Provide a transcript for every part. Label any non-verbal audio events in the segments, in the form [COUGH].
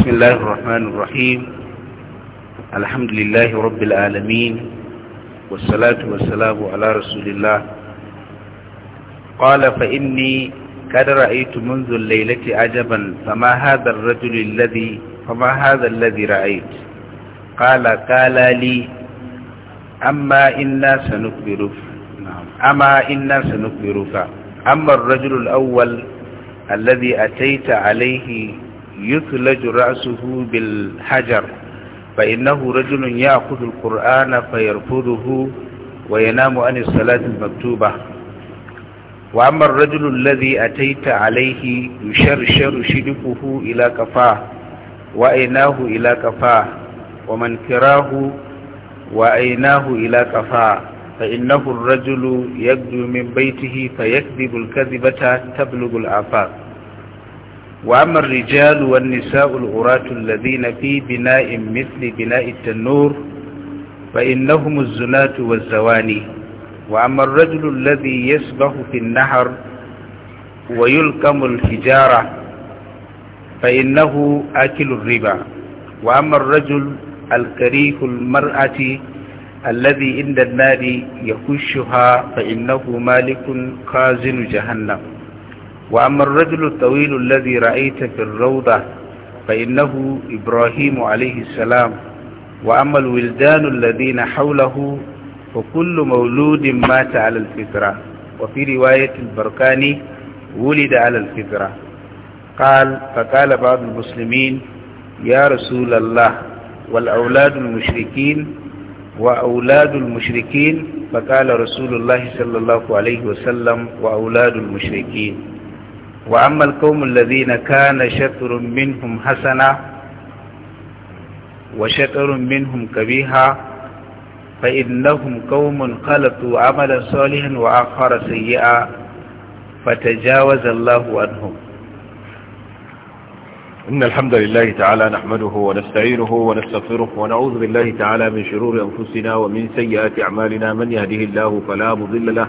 بسم الله الرحمن الرحيم الحمد لله رب العالمين والصلاة والسلام على رسول الله قال فإني قد رأيت منذ الليلة عجبا فما هذا الرجل الذي فما هذا الذي رأيت قال قال لي أما إنا سنكبرك نعم. أما إنا سنكبرك أما الرجل الأول الذي أتيت عليه يثلج رأسه بالحجر فإنه رجل يأخذ القرآن فيرفضه وينام عن الصلاة المكتوبة وأما الرجل الذي أتيت عليه يشرشر شدقه إلى كفاه وأيناه إلى كفاه ومن كراه وأيناه إلى كفاه فإنه الرجل يبدو من بيته فيكذب الكذبة تبلغ الآفاق وأما الرجال والنساء الغراة الذين في بناء مثل بناء التنور فإنهم الزناة والزواني وأما الرجل الذي يسبح في النهر ويلقم الحجارة فإنه آكل الربا وأما الرجل الكريه المرأة الذي عند النار يخشها فإنه مالك خازن جهنم وأما الرجل الطويل الذي رأيت في الروضة فإنه إبراهيم عليه السلام وأما الولدان الذين حوله فكل مولود مات على الفطرة وفي رواية البركاني ولد على الفطرة قال فقال بعض المسلمين يا رسول الله والأولاد المشركين وأولاد المشركين فقال رسول الله صلى الله عليه وسلم وأولاد المشركين وأما القوم الذين كان شطر منهم حسنا وشطر منهم كبيها فإنهم قوم خلطوا عملا صالحا وآخر سيئا فتجاوز الله عنهم إن الحمد لله تعالى نحمده ونستعينه ونستغفره ونعوذ بالله تعالى من شرور أنفسنا ومن سيئات أعمالنا من يهده الله فلا مضل له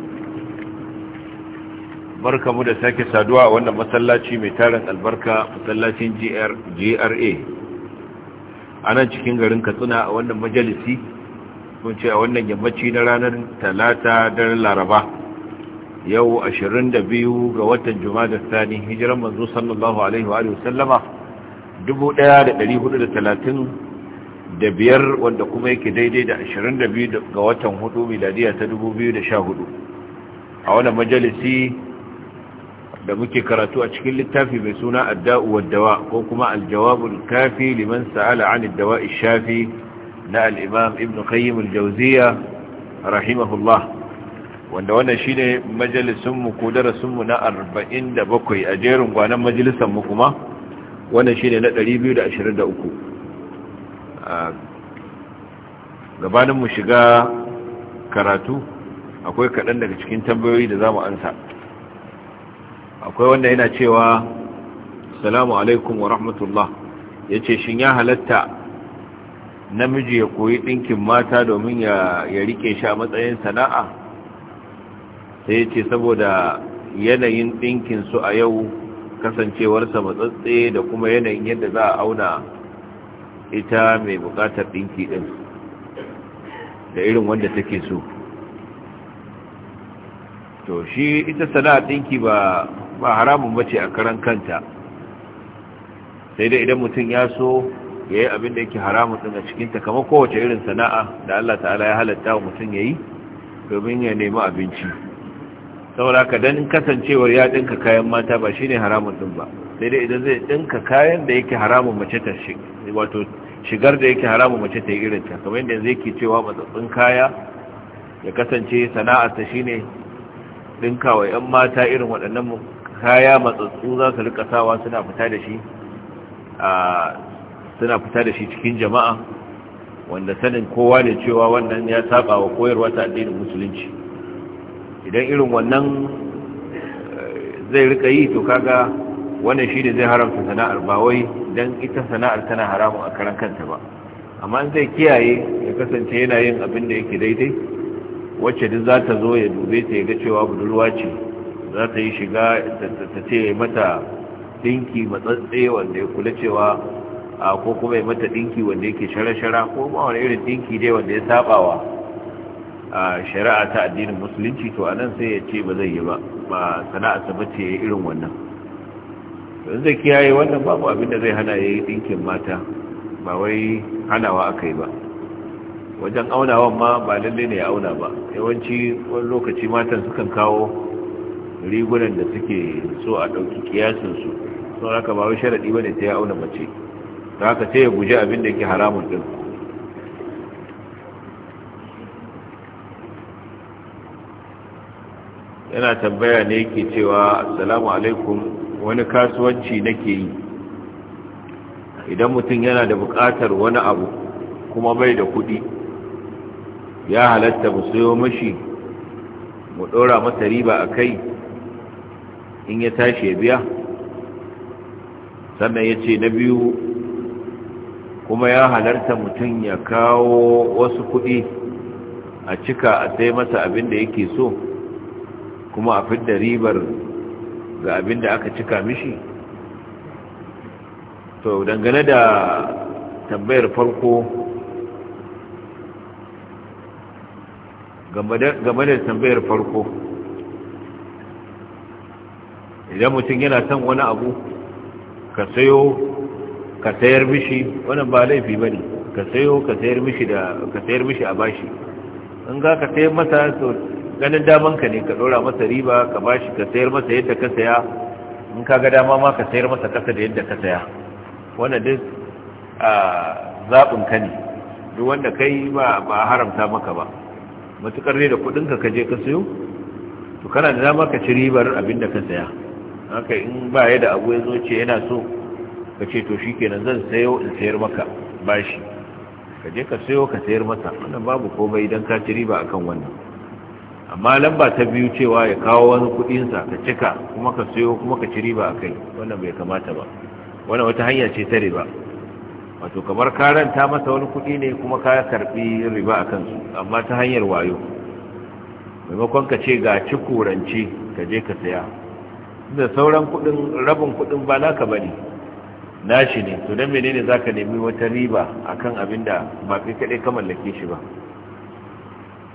barka mu da sake saduwa a wannan masallaci mai tarin albarka masallacin GRA a nan cikin garin Katsina a wannan majalisi kun ce a wannan yammaci na ranar talata da laraba yau 22 ga watan jumada sani hijiran manzo sallallahu alaihi wa sallama 1435 wanda kuma yake daidai da 22 ga watan hudu miladiya ta 2014 a wannan majalisi da muke karatu a cikin littafi mai suna adda'u waddawa ko kuma aljawabul kafi liman sa'ala an addawa shafi na al-imam ibn qayyim al-jawziya rahimahullah wanda wannan shine majalisun mu ko darasin mu na 47 a jerin gwanan majalisan mu kuma wannan shine na 223 gabanin mu shiga karatu akwai kaɗan daga cikin tambayoyi da za mu ansa akwai wanda yana cewa salamu alaikum wa rahmatullah ya ce shi ya halatta namiji ya koyi ɗinkin mata domin ya rike shi a matsayin sana'a sai ya ce saboda yanayin ɗinkinsu a yau kasancewarsa matsatse da kuma yanayin yadda za a auna ita mai bukatar ɗinki ɗin da irin wanda take so to shi ita sana'a dinki ba ba haramun bace a karan kanta sai dai idan mutum ya so yayi abin da yake haramun din a cikin ta kamar kowace irin sana'a da Allah ta'ala ya halatta wa mutum yayi domin ya nemi abinci saboda ka dan kasancewar ya dinka kayan mata ba shine haramun din ba sai dai idan zai dinka kayan da yake haramun mace ta shi wato shigar da yake haramun mace ta yi irin ta, kamar yanda yanzu yake cewa matsattsun kaya ya kasance sana'arta shine ɗinka wa 'yan mata irin waɗannan kaya matsatsu za su rika sawa suna fita da shi suna fita da shi cikin jama'a wanda sanin kowa ne cewa wannan ya saba wa koyarwa ta addinin musulunci idan irin wannan eh, zai rika yi to kaga wannan shi ne zai haramta sana'ar ba wai don ita sana'ar tana haramun a karan kanta ba amma zai kiyaye ya kasance yana yin abin da yake daidai wacce duk za ta zo ya dube ta ya ga cewa budurwa ce za ta yi shiga ta ce mata dinki matsatse wanda ya kula cewa ko kuma ya mata dinki wanda yake shara-shara ko ma wani irin dinki dai wanda ya sabawa a shari'a ta addinin musulunci to anan sai ya ce ba zai yi ba ba sana'arsa ba ce irin wannan don zai kiyaye wannan babu abin da zai hana ya yi dinkin mata ba wai hanawa aka yi ba wajen aunawan ma ba lalle ne ya auna ba yawanci wani lokaci matan sukan kawo rigunan da suke so a ɗauki kiyasinsu sun haka ba wai sharaɗi ba ne ta ya auna mace da haka sai ya guji abin da ke haramun ɗin yana tambaya ne ke cewa assalamu alaikum wani kasuwanci nake yi idan mutum yana da buƙatar wani abu kuma bai da kuɗi ya halatta mu sayo mashi mu ɗora masa riba a kai in ya tashi ya biya sannan ya ce na biyu kuma ya halarta mutum ya kawo wasu kuɗi a cika a sai masa abin da yake so kuma a fidda ribar ga abin da aka cika mishi to dangane da tambayar farko game da tambayar farko idan mutum yana son wani abu ka sayo ka sayar mishi wannan ba laifi ba ne ka sayo ka sayar mishi a bashi in ga ka sayar masa to ganin daman ka ne ka dora masa riba ka bashi ka sayar masa yadda ka saya in ka ga dama ma ka sayar masa kasa da yadda ka saya wannan duk a ah, zaɓin ka ne duk wanda kai yi ba haramta maka ba matuƙar ne da kudinka ka je ka sayo to kana da dama ka ci ribar abin da ka saya haka in ba ya da abu ya zo ce yana so ka ce to shikenan zan sayo in sayar maka bashi ka je ka sayo ka sayar masa wannan babu komai idan ka ci riba akan wannan amma lamba ta biyu cewa ya kawo wani sa ka cika kuma ka sayo kuma ka ci riba akai wannan bai kamata ba wannan wata hanya ce ta riba wato kamar karanta masa wani kuɗi ne kuma ka karɓi riba a kansu amma ta hanyar wayo maimakon ka ce ga ci rance ka je ka saya da sauran kuɗin rabin kuɗin ba naka bane nashi ne to dan menene zaka nemi wata riba akan abin da ba kai kaɗai ka mallake shi ba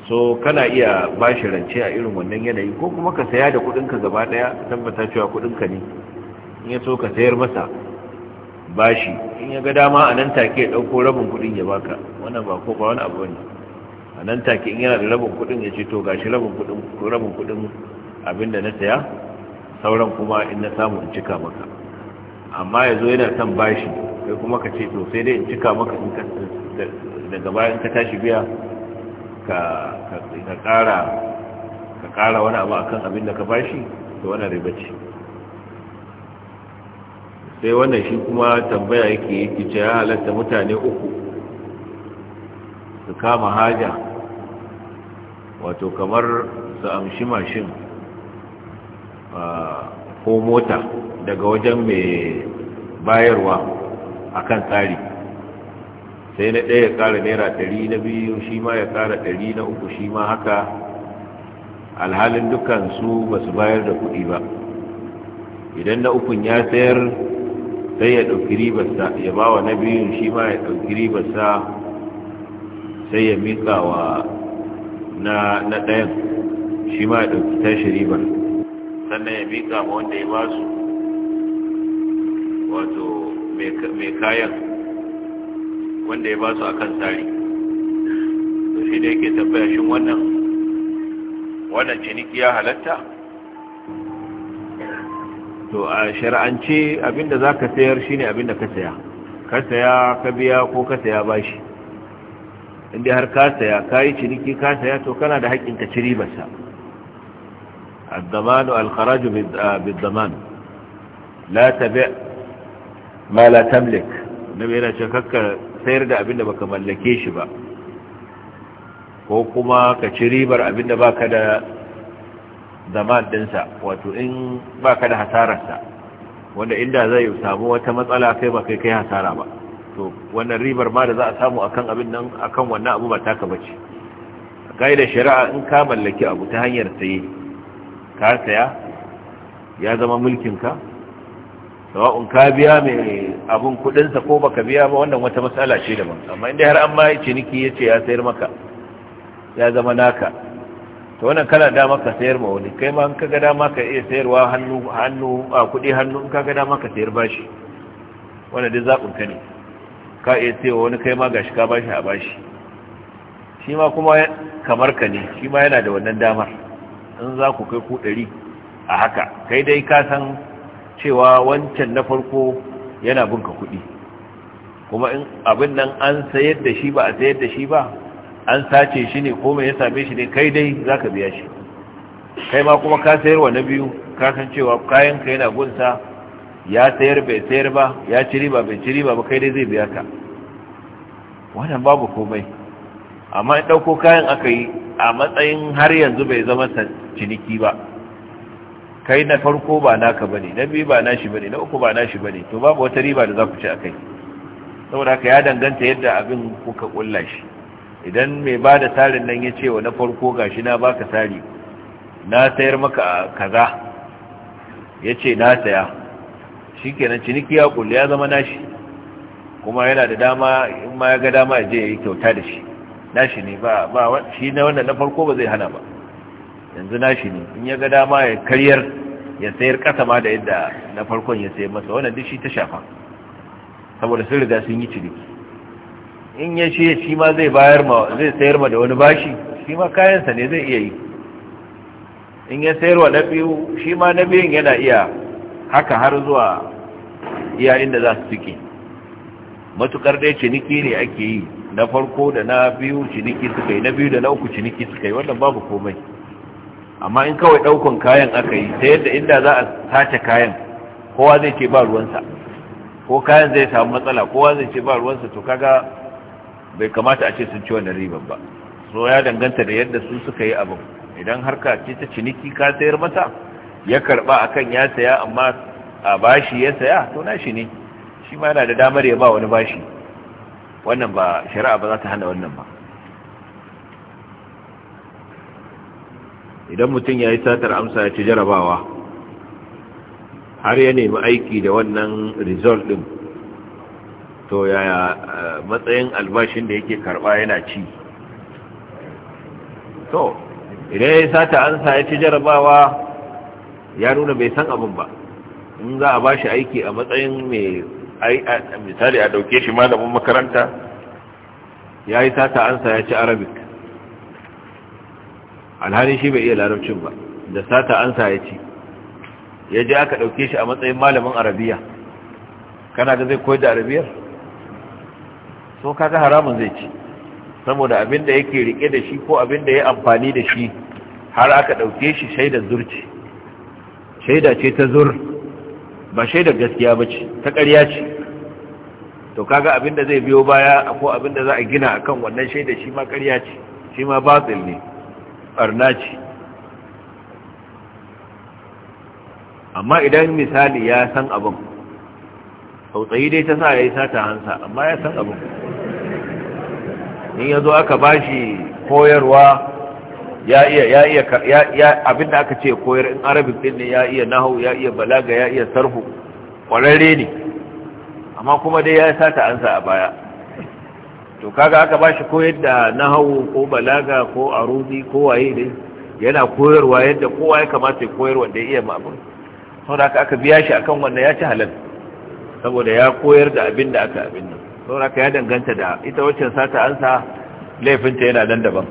so kana iya bashi rance a irin wannan yanayi ko kuma ka saya da ka gaba ɗaya tabbata cewa ka ne in ya so ka sayar masa bashi in ya ga dama a nan take ya ɗauko rabin kuɗin ya baka wannan ba ko ba wani abu ne a nan take in yana da rabin kuɗin ya ce to gashi rabin kuɗin rabin kuɗin abin da na saya sauran kuma in na samu in cika maka amma ya zo yana son bashi kai kuma ka ce to sai dai in cika maka in ka daga baya in ka tashi biya ka ka ƙara ka ƙara wani abu akan abin da ka bashi to wannan riba ce sai wannan shi kuma tambaya yake yake ce ya halatta mutane uku su kama haja wato kamar su amshi mashin ko mota daga wajen mai bayarwa a kan tsari sai na ɗaya ya ƙara naira ɗari na biyu shi ma ya ƙara ɗari na uku shi ma haka alhalin dukansu ba su bayar da kuɗi ba idan na ukun ya sayar sai ya ɗauki ribarsa ya ba wa na biyun shi ma ya ɗauki ribarsa sai ya miƙa wa na ɗayan shi ma ya ɗauki tashi ribar sannan ya miƙa ma wanda ya ba su wato mai kayan wanda ya ba su a kan tsari to shi da yake tabbashin wannan wannan ciniki ya halatta to a shar'ance abinda za ka sayar shine abinda ka saya ka saya ka biya ko ka saya bashi inda har ka saya ka yi ciniki ka saya to kana da haƙƙin ka ciri basa الضمان والخراج بالضمان لا تبع ما لا Tamlik. النبي yana kakka sayar da abinda baka mallake shi ba ko kuma ka ci ribar abinda baka da zaman dinsa wato in baka da hasararsa wanda inda zai samu wata matsala kai ba kai kai hasara ba to wannan ribar ma da za a samu akan abin nan akan wannan abu ba taka bace da shari'a in ka mallaki abu ta hanyar saye ka saya ya zama mulkin ka sawa'un ka biya mai abun kudin sa ko baka biya ba wannan wata matsala ce daban amma inda har an ma yi ciniki yace ya sayar maka ya zama naka to wannan kana dama ka sayar ma wani kai ma an kaga dama ka iya sayarwa hannu hannu a kudi hannu in ka ga dama ka sayar bashi wannan dai zaɓin ka ne ka iya sayarwa wani kai ma gashi ka bashi a bashi shi ma kuma kamar ka ne shi ma yana da wannan damar in za ku kai ku dari, a haka kai dai ka san cewa wancan na farko yana binka kuɗi kuma in abin nan an sayar da shi ba a sayar da shi ba an sace shi ne ko mai ya same shi ne kai dai za ka biya shi kai ma kuma ka sayarwa na biyu kasan cewa kayan ka yana gunsa ya sayar bai sayar ba ya ci riba bai ci riba ba kai dai zai biya ka wannan babu komai amma in ɗauko kayan aka yi a matsayin har yanzu bai zama ciniki ba kai na farko ba naka ba ne, na biyu ba nashi ne, na uku ba nashi ne, to babu wata riba da za ku ci a kai. saboda haka ya danganta yadda abin kuka kulla shi idan mai ba da tarin nan ya ce wa na farko gashi na baka tari na sayar maka kaza ya ce na saya shi kenan ciniki ya kulle ya zama nashi kuma yana da dama in ma ya ga dama ya je ya yi kyauta da shi nashi ne ba ba shi na wannan na farko ba zai hana ba yanzu nashi ne in ya ga dama ya karyar ya sayar kasa ma da yadda na farkon ya sayar masa wannan duk shi ta shafa saboda sun riga sun yi ciniki in ya ce shi ma zai bayar ma zai sayar ma da wani bashi shi ma kayansa ne zai iya yi in ya sayar wa na biyu shi ma na biyun yana iya haka har zuwa iya inda za su suke matukar dai ciniki ne ake yi na farko da na biyu ciniki suka yi na biyu da na uku ciniki suka yi wannan babu komai amma in kawai daukan kayan aka yi ta yadda inda za a sace kayan kowa zai ce ba ruwansa ko kayan zai samu matsala kowa zai ce ba ruwansa to kaga bai kamata a ce sun ci wannan ribar ba so ya danganta da yadda su suka yi abin idan ka ce ta ciniki ka sayar mata ya karba akan ya saya amma a bashi ya saya to nashi ne shi ma yana da damar ya ba wani bashi wannan ba shari'a ba za ta hana wannan ba idan mutum ya yi satar amsa ya ci jarabawa har ya nemi aiki da wannan result din to yaya eh, matsayin albashin da yake karba yana ci to idan ya sata ansa ya ci jarabawa ya nuna bai san abin ba in za a bashi aiki a matsayin mai misali a dauke shi malamin makaranta ya yi sata ansa ya ci arabic alhali shi bai iya larabcin ba da sata ansa ya ci ya ji aka dauke shi a matsayin malamin arabiya kana da zai koyar da arabiyar so kaga haramun zai ci saboda abin da yake rike da shi ko abin da ya amfani da shi har aka ɗauke shi shaidar zurci shaida ce ta zur ba shaidar gaskiya ba ce ta ƙarya ce to kaga abin da zai biyo baya ko abin da za a gina akan kan wannan shaida shi ma ƙarya ce shi ma batil ne ɓarna ce amma idan misali ya san abin tsautsayi dai ta sa ya yi sata hansa amma ya san abu in ya zo aka ba shi koyarwa ya iya abin da aka ce koyar in arabic din ne ya iya nahu ya iya balaga ya iya sarhu kwararre ne amma kuma dai ya yi sata ansa a baya to kaga aka ba shi koyar da nahu ko balaga ko arudi ko waye ne yana koyarwa yadda kowa ya kamata ya koyar wanda ya iya ma'amur sau da aka biya shi akan wannan ya ci halal saboda ya koyar da abin da aka abin nan sauraka ya danganta da ita waccan sata ansa laifinta yana nan daban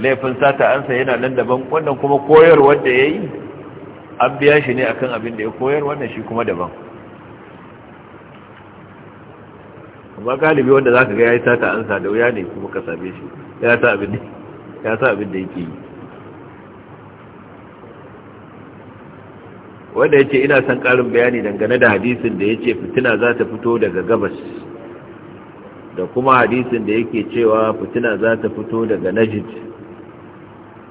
laifin sata ansa yana nan daban wannan kuma koyar wanda ya yi an biya shi ne akan abin da ya koyar wannan shi kuma daban ba galibi wanda za ka ga ya yi sata ansa da wuya ne kuma ka same shi ya sa abin da yake yi wanda ya ce ina son ƙarin bayani dangane da hadisin da ya ce fitina za ta fito daga gabas da kuma hadisin da yake cewa fitina za ta fito daga najid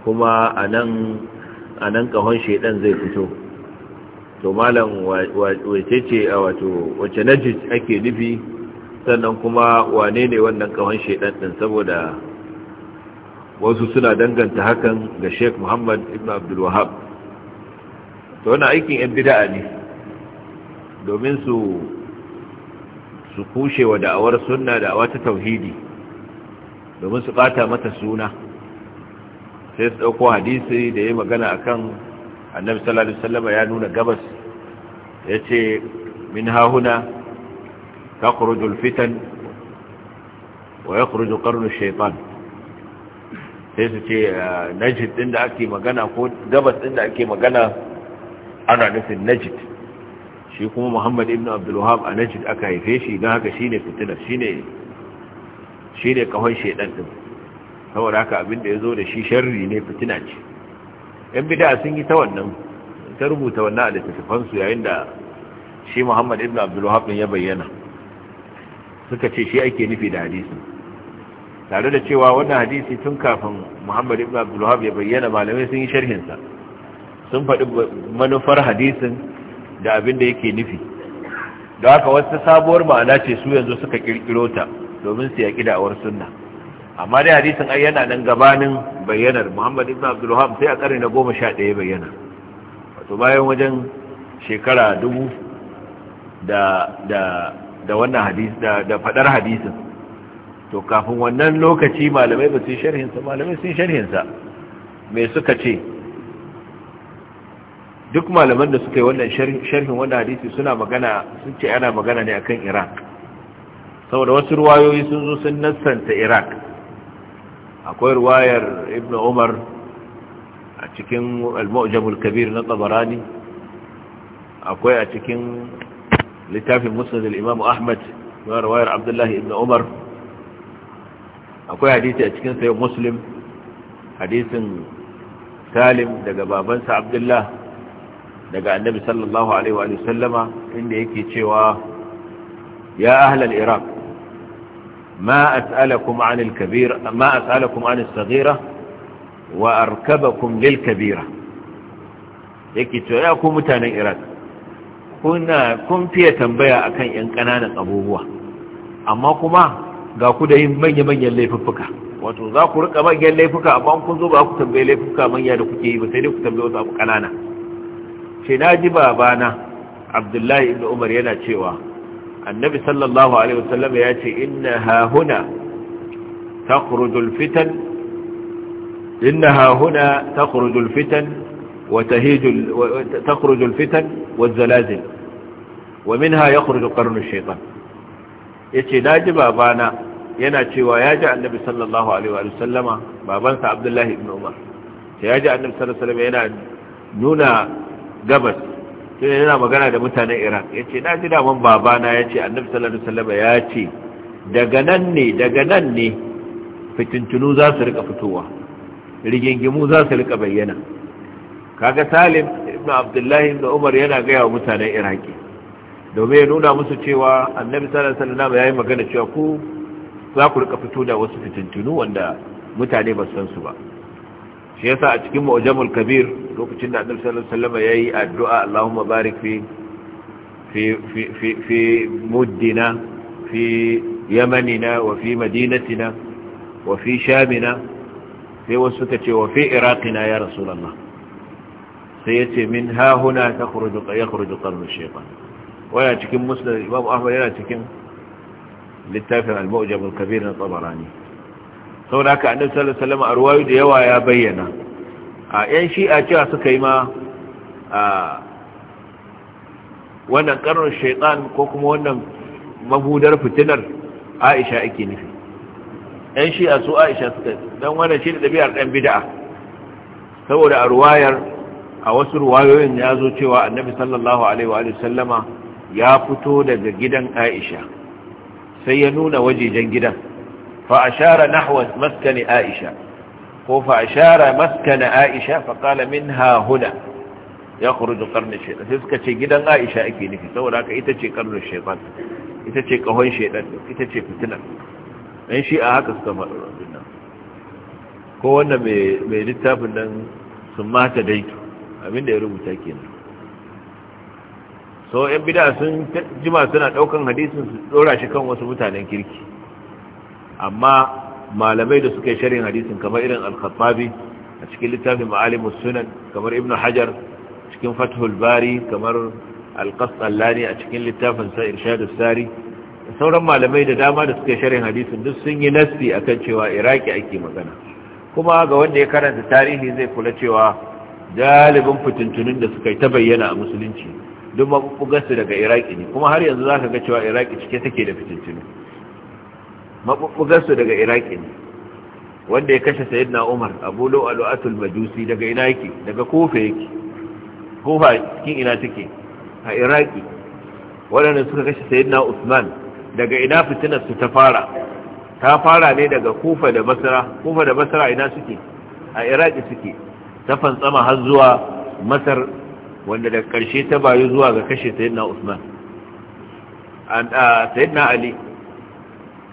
kuma a nan kahon shaidan zai fito to malam wace ce a wato wace najid ake nufi sannan kuma wane ne wannan kahon shaidan ɗin saboda wasu suna danganta hakan ga sheik muhammad ibn abdulwahab to wannan aikin yan bida'a ne domin su su kushe wa da'awar sunna da'awa ta tauhidi domin su bata mata suna sai su ɗauko hadisi da yayi magana akan annabi sallallahu alaihi wasallam ya nuna gabas yace min hahuna takhruju alfitan wa yakhruju qarnu shaytan sai su ce najid din da ake magana ko gabas ɗin da ake magana ana nufin najid shi kuma muhammad ibn abdulwahab a najid aka haife shi don haka shine fitina shine shine kahon shedan din saboda haka abin da yazo da shi sharri ne fitina ce yan bid'a sun yi ta wannan ta rubuta wannan a littattafan su yayin da shi muhammad ibn abdulwahab din ya bayyana suka ce shi ake nufi da hadisi tare da cewa wannan hadisi tun kafin muhammad ibn abdulwahab ya bayyana malamai sun yi sharhin sa sun faɗi manufar hadisin da abin da yake nufi da haka wasu sabuwar ma'ana ce su yanzu suka kirkiro ta domin su yaƙi awar sunna amma dai hadisin ai yana nan gabanin bayyanar muhammad ibn abdul wahab sai a ƙarni na goma sha ɗaya bayyana wato bayan wajen shekara dubu da da da wannan hadis da da faɗar hadisin to kafin wannan lokaci malamai ba su sharhinsa malamai sun sharhinsa me suka ce duk malaman da suka yi wannan sharhin wannan hadisi suna magana sun ce ana magana ne akan iraq saboda wasu ruwayoyi sun zo sun nassanta iraq akwai ruwayar ibn umar a cikin al-mu'jamul kabir na tabarani akwai a cikin littafin musnad al-imam ahmad ruwayar abdullahi ibn umar akwai hadisi a cikin sayyid muslim hadisin salim daga babansa abdullah daga annabi sallallahu alaihi wa sallama inda yake cewa ya ahlal iraq ma as'alakum 'anil kabira ma as'alakum 'anis saghira wa arkabakum lil kabira yake cewa ya ku mutanen iraq kuna kun fiye tambaya akan yan kananan abubuwa amma kuma ga ku da yin manya-manyan laifuffuka wato za ku rika manyan laifuka amma kun zo ba ku tambaye laifuka manya da kuke yi ba sai dai ku tambaye wasu abu kanana ce na ji babana abdullahi ibn umar yana cewa annabi sallallahu alaihi wasallam ya ce inna hahuna takhrujul fitan inna hahuna takhrujul fitan wa tahijul takhrujul fitan wal zalazil wa minha yakhruj qarnu shaytan yace na ji babana yana cewa ya ji annabi sallallahu alaihi wasallama babansa abdullahi ibn umar ya ji annabi sallallahu alaihi wasallama yana nuna gabas sai yana magana da mutanen Iran ya ce na ji daman babana ya ce Annabi sallallahu alaihi ya ce daga nan ne daga nan ne fitintunu za su rika fitowa rigingimu za su rika bayyana kaga Salim ibn Abdullahi da Umar yana gaya wa mutanen Iraki domin ya nuna musu cewa Annabi sallallahu alaihi wasallam yi magana cewa ku za ku rika fito da wasu fitintunu wanda mutane ba san su ba shi yasa a cikin mu'jamul kabir lokacin da annabi sallallahu alaihi wasallam yayi addu'a Allahumma barik fi fi fi fi muddina fi yamanina wa fi madinatina wa fi shamina sai wasu ta ce wa fi iraqina ya rasulullah sai yace min ha huna takhruju yakhruju qarnu shaytan waya cikin musnad imam ahmad yana cikin littafin al-mu'jamul kabir na tabarani saboda haka annabi sallallahu alaihi wasallam a ruwayu da yawa ya bayyana a yan shi'a cewa suka yi ma a wannan karnar shaitan ko kuma wannan mabudar fitinar aisha ake nufi yan shi'a su aisha suka don wannan shi da ɗabi'ar ɗan bida'a saboda a ruwayar a wasu ruwayoyin ya zo cewa annabi sallallahu alaihi wa sallama ya fito daga gidan aisha sai ya nuna wajejen gidan فأشار نحو مسكن عائشة فأشار مسكن عائشة فقال منها هنا يخرج قرن الشيطان سيسكا جدا عائشة أكي نفي سولاك إتشي قرن الشيطان إتشي قهون الشيطان إتشي فتنة Ko شيء mai استمر ربنا كوانا ملتاف أن سمعت ديت أمين دي ربو تاكينا so yan bida sun jima suna daukan hadisin su dora shi kan wasu mutanen kirki amma malamai da suka yi sharhin hadisin kamar irin al-khattabi a cikin littafin ma'alimus sunan kamar ibnu hajar cikin fathul bari kamar al-qasallani a cikin littafin sa irshadus sari sauran malamai da dama da suka yi sharhin hadisin duk sun yi nassi akan cewa iraki ake magana kuma ga wanda ya karanta tarihi zai kula cewa dalibin fitintunin da suka yi ta bayyana a musulunci duk mabugarsu daga iraki ne kuma har yanzu za ka ga cewa iraki cike take da fitintunin maɓuɓɓugarsu daga iraki ne wanda ya kashe sayid na umar abu lo'alu'atul majusi daga ina daga kofa yake kofa cikin ina take a iraki waɗanda suka kashe sayid na usman daga ina fitinar su ta fara ta fara ne daga kofa da basra kofa da basra ina suke a iraki suke ta fantsama har zuwa masar wanda daga ƙarshe ta bayu zuwa ga kashe sayid na usman uh, sayid na ali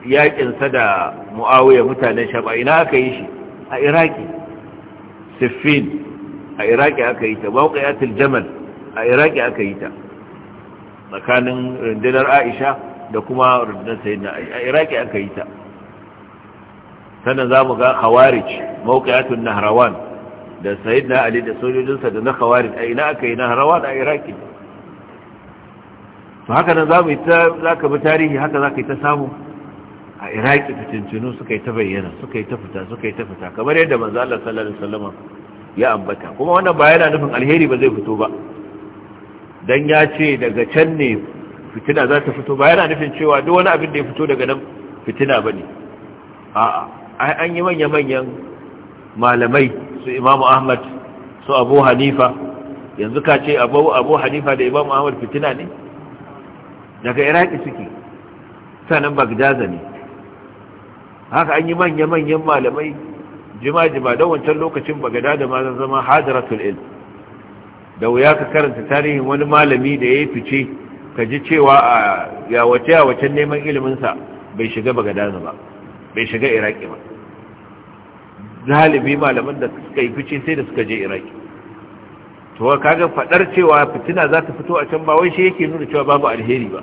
yaƙinsa da mu'awiyar mutanen shaba ina aka yi shi a iraki siffin a iraki aka yi ta mawuƙayatul jamal a iraki aka yi ta tsakanin rundunar aisha da kuma rundunar sayidina a iraki aka yi ta sannan za mu ga khawarij mawuƙayatul nahrawan da sayidina ali da sojojinsa da na khawarij a ina aka yi nahrawan a iraki to haka nan za ka bi tarihi haka za ka yi ta samu a iraki fitintunu suka yi ta bayyana suka yi ta fita suka yi ta fita kamar yadda manzo Allah sallallahu alaihi wasallam ya ambata kuma wannan ba yana nufin alheri ba zai fito ba dan ya ce daga can ne fitina za ta fito ba yana nufin cewa duk wani abin da ya fito daga nan fitina bane a'a ai an yi manya manyan malamai su Imam Ahmad su Abu Hanifa yanzu ka ce Abu Abu Hanifa da Imam Ahmad fitina ne daga iraki suke sanan bagdaza ne haka an yi manya-manyan malamai jima-jima don wancan lokacin bagada da ma zama hadaratul il da wuya ka karanta tarihin wani malami da ya yi fice ka ji cewa a yawace yawacen neman iliminsa bai shiga ba bai shiga iraki ba zalibi malaman da suka yi fice sai da suka je iraki to kaga fadar cewa fitina za ta fito a can ba wai shi yake nuna cewa babu alheri ba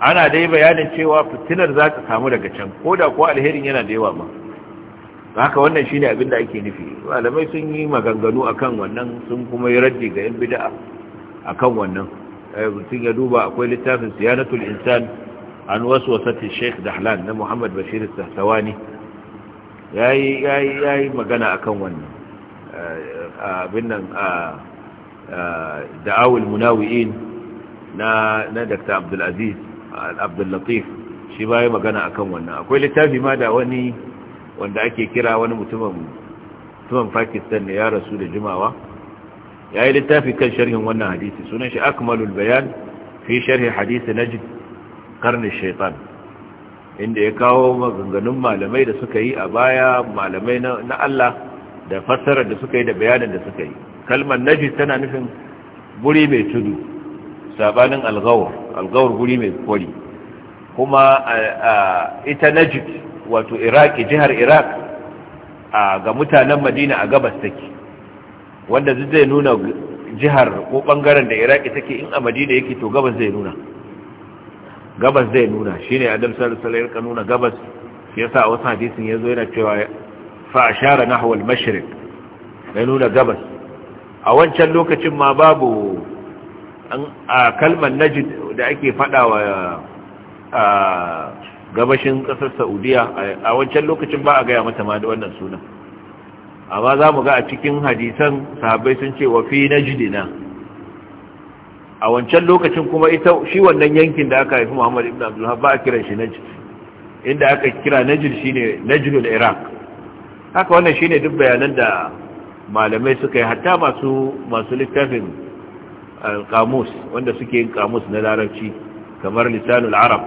ana dai bayanin cewa fitinar za ta samu daga can ko da ko alherin yana da yawa ba haka wannan shine abin da ake nufi malamai sun yi maganganu akan wannan sun kuma yi raddi ga yan bid'a akan wannan eh, mutum ya duba akwai littafin siyanatul insan an waswasati sheikh dahlan na muhammad bashir sahtawani yayi yayi yayi magana akan wannan eh, abin nan da'awul munawi'in na na dr abdul abdullatif shi baya magana akan wannan akwai littafi ma da wani wanda ake kira wani mutumin pakistan ne ya rasu da jimawa ya yi littafi kan sharhin wannan hadisi sunan shi akmalul bayan fi sharhin hadisi na karnin shaitan inda ya kawo maganganun malamai da suka yi a baya malamai na Allah da fassarar da suka yi da bayanin da suka yi kalmar najis tana nufin buri mai tudu sabanin algawar algawar guri mai kori kuma ita najid wato iraki jihar iraq ga mutanen madina a gabas take wanda zai nuna jihar ko bangaren da iraki take in a madina yake to gabas zai nuna gabas zai nuna shine adam sallallahu alaihi wasallam nuna gabas yasa a wasu hadisin yazo yana cewa fa ashara nahwa al-mashriq ya nuna gabas a wancan lokacin ma babu kalmar najid da ake fada wa gabashin kasar saudiya a wancan lokacin ba a gaya mata ma da wannan sunan amma za mu ga a cikin hadisan sahabai sun ce wafi najidina a wancan lokacin kuma ita shi wannan yankin da aka haifi muhammad ibn abdullahi ba a kiran shi najid inda aka kira najid shine najidul iraq haka wannan shine duk bayanan da malamai suka yi hatta masu masu littafin kamus wanda suke yin qamus na larabci kamar lisanul arab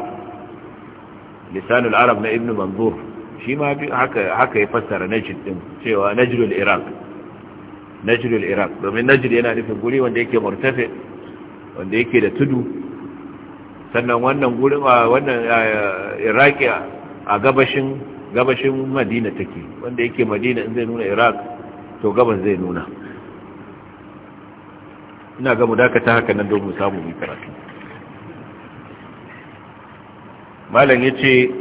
lisanul arab na ibn manzur shi ma haka haka ya fassara najd din cewa najdul iraq najdul iraq domin najd yana nufin guri wanda yake murtafi wanda yake da tudu sannan wannan gurin wannan iraki a gabashin gabashin madina take wanda yake madina in zai nuna iraq to gabas zai nuna ina ga mu dakata haka nan domin samun samu mu karatu malam yace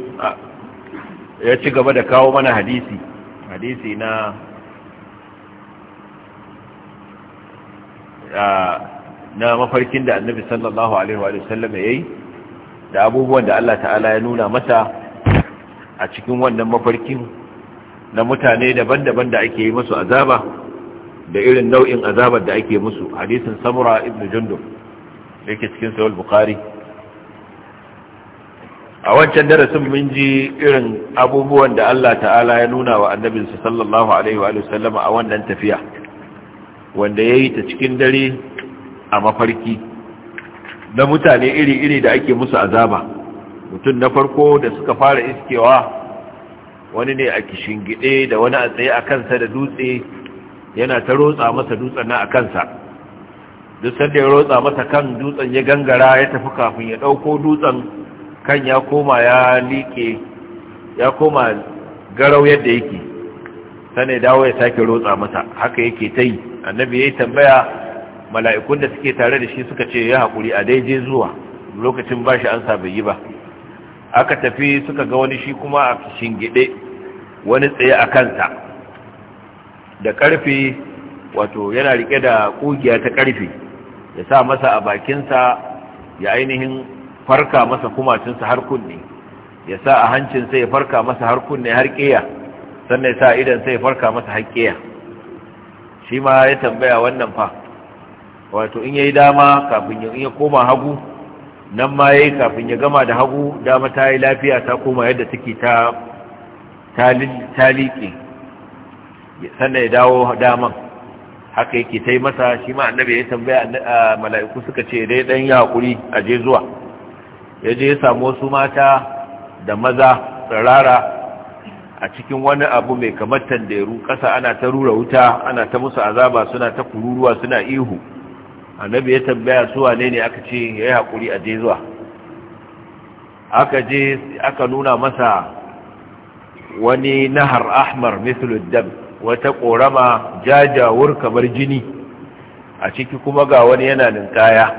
ya ci gaba da kawo mana hadisi hadisi na na mafarkin da annabi sallallahu alaihi wa sallam yayi da abubuwan da Allah ta'ala ya nuna masa a cikin wannan mafarkin na mutane daban-daban da ake yi musu azaba da irin nau'in azabar da ake musu hadisin samura ibn jundub yake cikin sayar bukhari a wancan darasin mun ji irin abubuwan da Allah ta'ala ya nuna wa annabinsa sallallahu alaihi wa sallama a wannan tafiya wanda ya yi ta cikin dare a mafarki na mutane iri-iri da ake musu azaba mutum na farko da suka fara iskewa wani ne a kishingide da wani a tsaye a kansa da dutse yana ta rotsa masa dutsen na a kansa duk sanda ya rotsa masa kan dutsen ya gangara ya tafi kafin ya ɗauko dutsen kan ya koma ya liƙe ya koma garau yadda yake sane dawo ya sake rotsa masa haka yake ta yi annabi ya yi tambaya mala'ikun da suke tare da shi suka ce ya haƙuri a daidai zuwa lokacin ba shi ansa bai yi ba aka tafi suka ga wani shi kuma a gide wani tsaye a kansa da karfe wato yana rike da kugiya ta karfe ya sa masa a bakinsa ya ainihin farka masa kumacinsa har kunne ya sa a hancinsa ya farka masa har kunne har ƙiya sannan ya sa idansa ya farka masa har ƙiya shi ma ya tambaya wannan fa wato in ya yi dama kafin ya koma hagu nan ma ya yi kafin ya gama da hagu dama ta yi lafiya ta koma yadda take ta liƙe sannan ya dawo daman haka yake ta yi masa shi ma annabi ya tambaya mala'iku suka ce dai dan ya hakuri a je zuwa ya je ya samu wasu mata da maza tsirara a cikin wani abu mai kamar tanderu ƙasa ana ta rura wuta ana ta musu azaba suna ta kururuwa suna ihu annabi ya tambaya su wane ne aka ce ya yi haƙuri a je zuwa aka je aka nuna masa wani nahar ahmar mithlud dam wata ƙorama jajawur kamar jini a ciki kuma ga wani yana ninkaya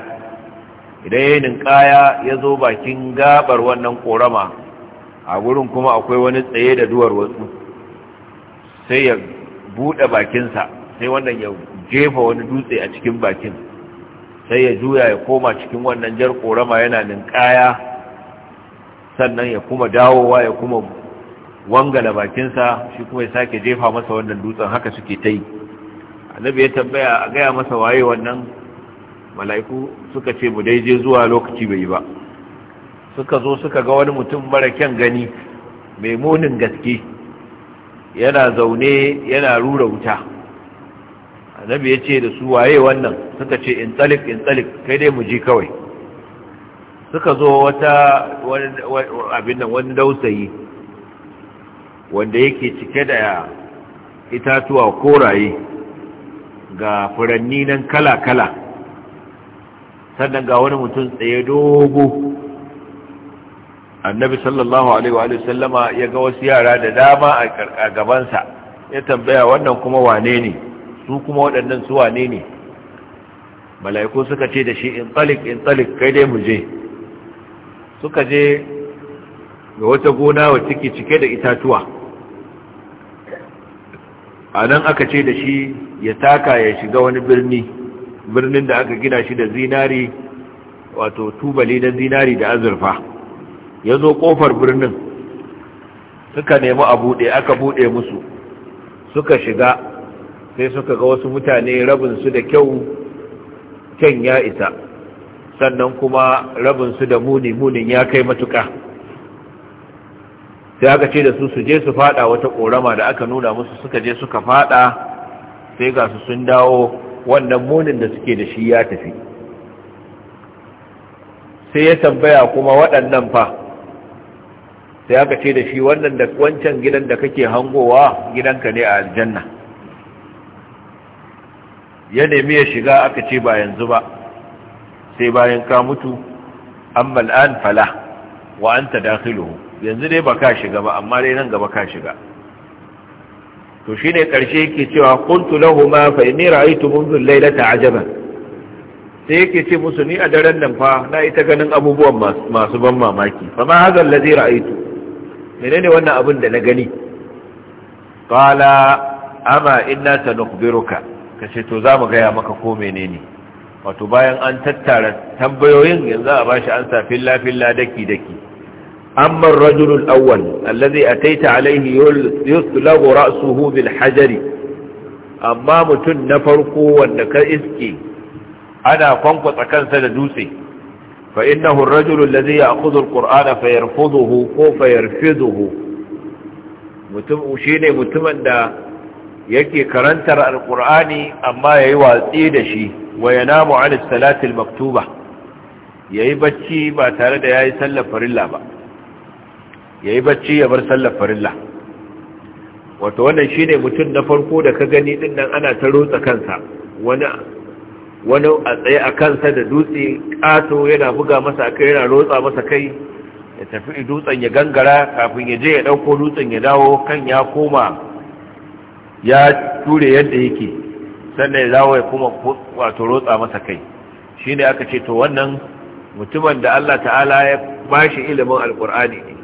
idan ya yi ninkaya ya zo bakin gabar wannan ƙorama a wurin kuma akwai wani tsaye da duwar wasu sai ya buɗe bakinsa sai wannan ya jefa wani dutse a cikin bakin sai ya juya ya koma cikin wannan jar korama yana ninkaya sannan ya kuma dawowa ya kuma wangala bakinsa shi kuma ya sake jefa masa wannan dutsen haka suke ta yi annabi ya tambaya a gaya masa waye wannan mala'iku suka ce mu daije zuwa lokaci bai ba suka zo suka ga wani mutum mara kyan gani mai munin gaske yana zaune yana rura wuta annabi ya ce da su waye wannan suka ce in tsalik in tsalik kai dai mu je kawai suka zo wata abin nan wani dausayi wanda yake cike da itatuwa koraye ga furanni nan kala-kala sannan ga wani mutum tsaye dogo annabi sallallahu alaihi wa sallama ya ga wasu yara da dama a gabansa ya tambaya wannan kuma wane ne su kuma waɗannan su wane ne mala'iku suka ce da shi in tsalik in tsalik kai dai mu je suka je ga wata gona wacce ke cike da itatuwa a nan aka ce da shi ya taka ya shiga wani birni birnin da aka gina shi da zinari wato tubali na zinari da azurfa ya zo kofar birnin suka nemi a buɗe aka buɗe musu suka shiga sai suka ga wasu mutane rabin su da kyau kyan ya isa sannan kuma rabinsu da muni munin ya kai matuka sai aka ce da su su je su fada wata korama da aka nuna musu suka je suka fada sai ga su sun dawo wannan munin da suke da shi ya tafi sai ya tambaya kuma waɗannan fa sai aka ce da shi wannan da wancan gidan da kake hangowa gidanka ne a aljanna ya nemi ya shiga aka ce ba yanzu ba sai bayan ka mutu amma al'an fala wa anta dakhiluhu yanzu dai ba ka shiga ba amma dai nan gaba ka shiga to shine karshe yake cewa kuntu ma fa inni ra'aytu mundu laylata ajaba sai yake ce musu ni a daren nan fa na ita ganin abubuwan masu ban mamaki fa ma hadha alladhi ra'aytu menene wannan abin da na gani qala ama inna sanukhbiruka kace to zamu ga ya maka ko menene wato bayan an tattara tambayoyin yanzu a bashi ansa filla filla daki daki أما الرجل الأول الذي أتيت عليه يسلغ رأسه بالحجر أما متن نفرقه وأنك إسكي أنا فانقط كنسا لدوسي فإنه الرجل الذي يأخذ القرآن فيرفضه فيرفضه شيني متمن دا يكي كرنتر القرآن أما يوازيد شي وينام عن الصلاة المكتوبة يبتشي ما تارد يا يسلف فرلا بقى ya yi bacci ya bar sallar farilla wato wannan shi ne mutum na farko da ka gani din nan ana ta rotsa kansa wani wani a tsaye a kansa da dutse ƙato yana buga masa kai yana rotsa masa kai ya tafi dutsen ya gangara kafin ya je ya ɗauko dutsen ya dawo kan ya koma ya ture yadda yake sannan ya dawo ya kuma wato rotsa masa kai Shine aka ce to wannan mutumin da Allah ta'ala ya bashi ilimin alƙur'ani ne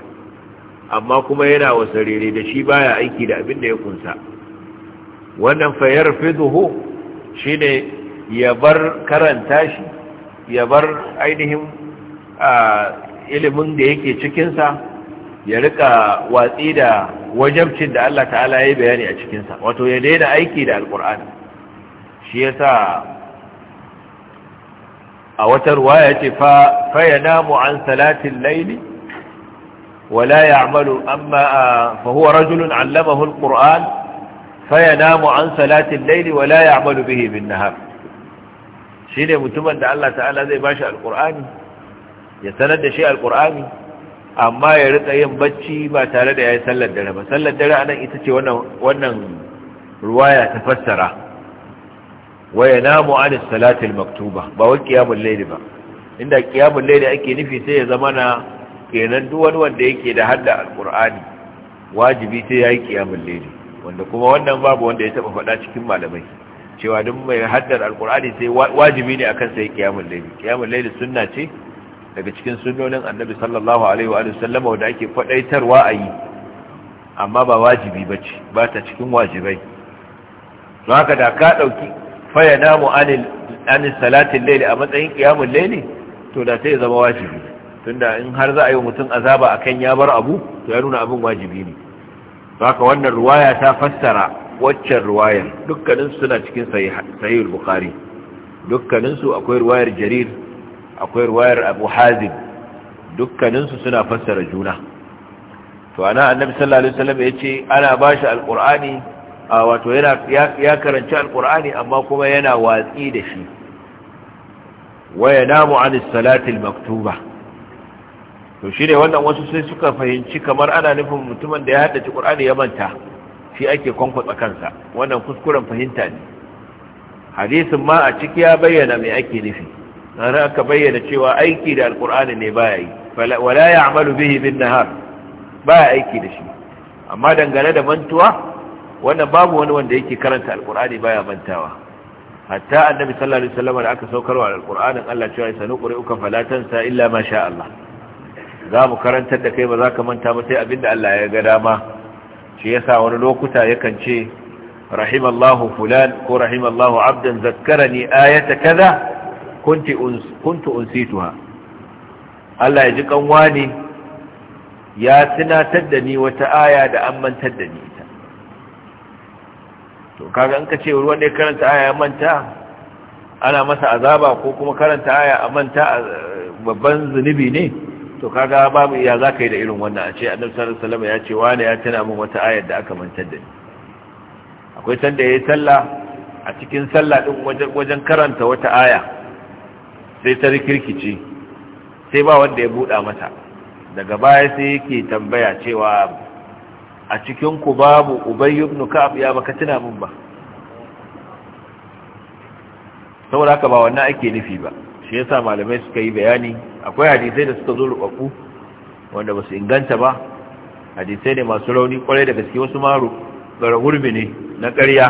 amma kuma yana wasarere da shi baya aiki da abin da ya kunsa wannan fayar fiduhu shi ne ya bar karanta shi ya bar ainihin ilimin da yake cikinsa ya rika watsi da wajabcin da Allah ta'ala ya yi bayani a cikinsa wato ya daina aiki da alkur'ani shi ya sa a wata ruwa ya ce fa ya namu an salatin laili ولا يعمل أما فهو رجل علمه القرآن فينام عن صلاة الليل ولا يعمل به بالنهار شيء متمن ده الله تعالى زي باشا القرآن يسند شيء القرآن amma ya rika yin bacci ba tare da ya yi sallar dare ba sallar dare anan ita ce wannan ruwaya ta fassara waya namu anis salatul maktuba ba wa qiyamul layli ba inda qiyamul layli ake nufi sai ya zama na kenan duk wani wanda yake da hadda alqur'ani wajibi sai yayi kiyamul layli wanda kuma wannan babu wanda ya taba faɗa cikin malamai cewa duk mai haddar alqur'ani sai wajibi ne akan sai kiyamul layli kiyamul layli sunna ce daga cikin sunnonin annabi sallallahu alaihi wa sallama wanda ake faɗaitarwa a yi amma ba wajibi bace ba ta cikin wajibai don haka da ka ɗauki faya namu anin salatin layli a matsayin kiyamul layli to da sai zama wajibi tunda in har za a yi mutum azaba a kan ya bar abu to ya nuna abin wajibi ne haka wannan ruwaya ta fassara waccan ruwayar Dukkaninsu suna cikin sahih bukhari Dukkaninsu akwai ruwayar jarir akwai ruwayar abu hazim Dukkaninsu suna fassara juna to ana annabi sallallahu alaihi wasallam yace ana bashi alqur'ani wato yana ya karanci alqur'ani amma kuma yana watsi da shi waya namu an salati almaktuba to shi ne wannan wasu sai suka fahimci kamar ana nufin mutumin da ya haddace ƙur'ani ya manta shi ake kwankwatsa kansa wannan kuskuren fahimta ne hadisin ma a ciki ya bayyana mai ake nufi sannan aka bayyana cewa aiki da alƙur'ani ne baya yi wala ya amalu bihi bin nahar baya aiki da shi amma dangane da mantuwa wannan babu wani wanda yake karanta alƙur'ani baya mantawa hatta annabi sallallahu alaihi wasallam da aka saukarwa alƙur'anin Allah cewa sanuqri'uka fala tansa illa ma sha Allah za mu karantar da kai ba za ka manta ba sai abinda Allah ya ga dama shi sa wani lokuta yakan ce Allahu fulan ko rahimallahu abdan zakkarani ayata kaza kunti kuntu unsituha Allah ya ji kanwa ne ya tunatar da ni wata aya da an mantar da ni ita to kaga in ka ce ruwan da karanta aya ya manta ana masa azaba ko kuma karanta aya a manta babban zunubi ne to kaga babu iya za ka yi da irin wannan a ce annabi sallallahu alaihi ya ce wani ya tana min wata ayar da aka mantar da ni akwai sanda yayi sallah a cikin sallah din wajen karanta wata aya sai ta rikirkice sai ba wanda ya buɗa mata daga baya sai yake tambaya cewa a cikin ku babu ubay ibn ya baka tana min ba saboda haka ba wannan ake nufi ba shi yasa malamai suka yi bayani akwai hadisai da suka zo rubaku wanda ba su inganta ba hadisai ne masu rauni kwarai da gaske wasu maru gara gurbi ne na ƙarya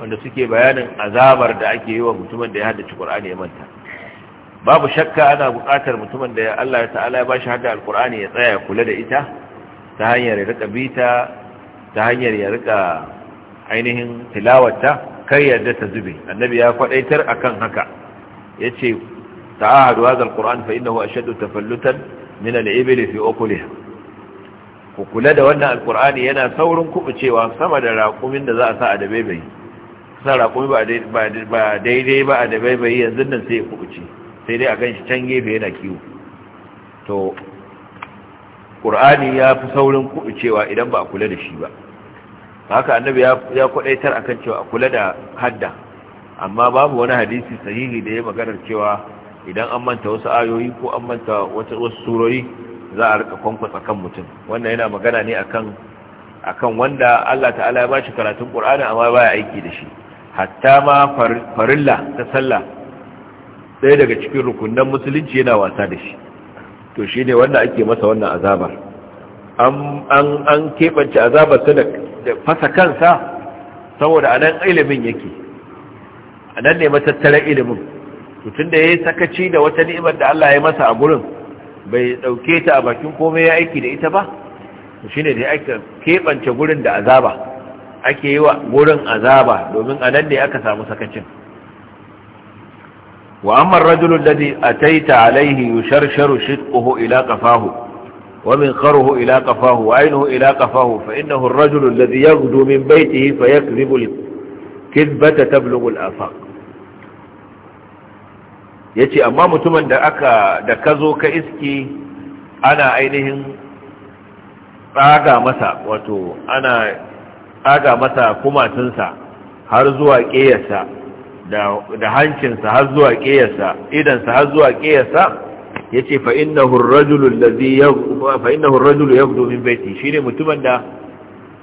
wanda suke bayanin azabar da ake yi wa mutumin da ya haddace Qur'ani ya manta babu shakka ana buƙatar mutumin da Allah ya ta'ala ya bashi hadda alƙur'ani ya tsaya kula da ita ta hanyar ya rika bita ta hanyar ya rika ainihin tilawata kai yadda ta zube annabi ya kwadaitar akan haka yace تعاهدوا هذا القرآن فإنه أشد تفلتا من الإبل في أكلها وكل ده وأن القرآن ينا ثور كبتي وصمد راقومين ذا أساء دبيبي sa raƙumi ba daidai ba a da baibayi yanzu nan sai ya kubuce sai dai a kan shi can gefe yana kiwo to ƙur'ani ya fi saurin kubucewa idan ba a kula da shi ba haka annabi ya kwadaitar a kan cewa a kula da hadda amma babu wani hadisi sahihi da ya maganar cewa idan an manta wasu ayoyi ko an manta wasu surori za a rika kwankwasa kan mutum wannan yana magana ne akan akan wanda Allah ta'ala ya bashi karatun Qur'ani amma baya aiki da shi hatta ma farilla ta sallah sai daga cikin rukunan musulunci yana wasa da shi to shi ne wanda ake masa wannan azabar an keɓance azabarsa da fasa kansa saboda anan ilimin yake anan ne matattara ilimin tutun da ya yi sakaci da wata ni'imar da Allah ya masa a gurin bai ɗauke ta a bakin komai ya aiki da ita ba shi ne da aka keɓance gurin da azaba ake yi wa gurin azaba domin a nan ne aka samu sakacin wa amma rajulun ladi a taita alaihi yusharsharu shidquhu ila kafahu; wa min ila kafahu; wa ainihu ila kafahu; fa innahu ar-rajulu alladhi yaghdu min baytihi fa yakdhibu al-kidbata tablughu afaq ya ce amma mutumin da aka da ka zo ka iski ana ainihin tsaga masa wato ana tsaga masa kumatunsa har zuwa ƙeyarsa da hancinsa har zuwa ƙeyarsa idansa har zuwa ƙeyarsa ya ce fa'innahu rajulu ya domin baiti shi ne mutumin da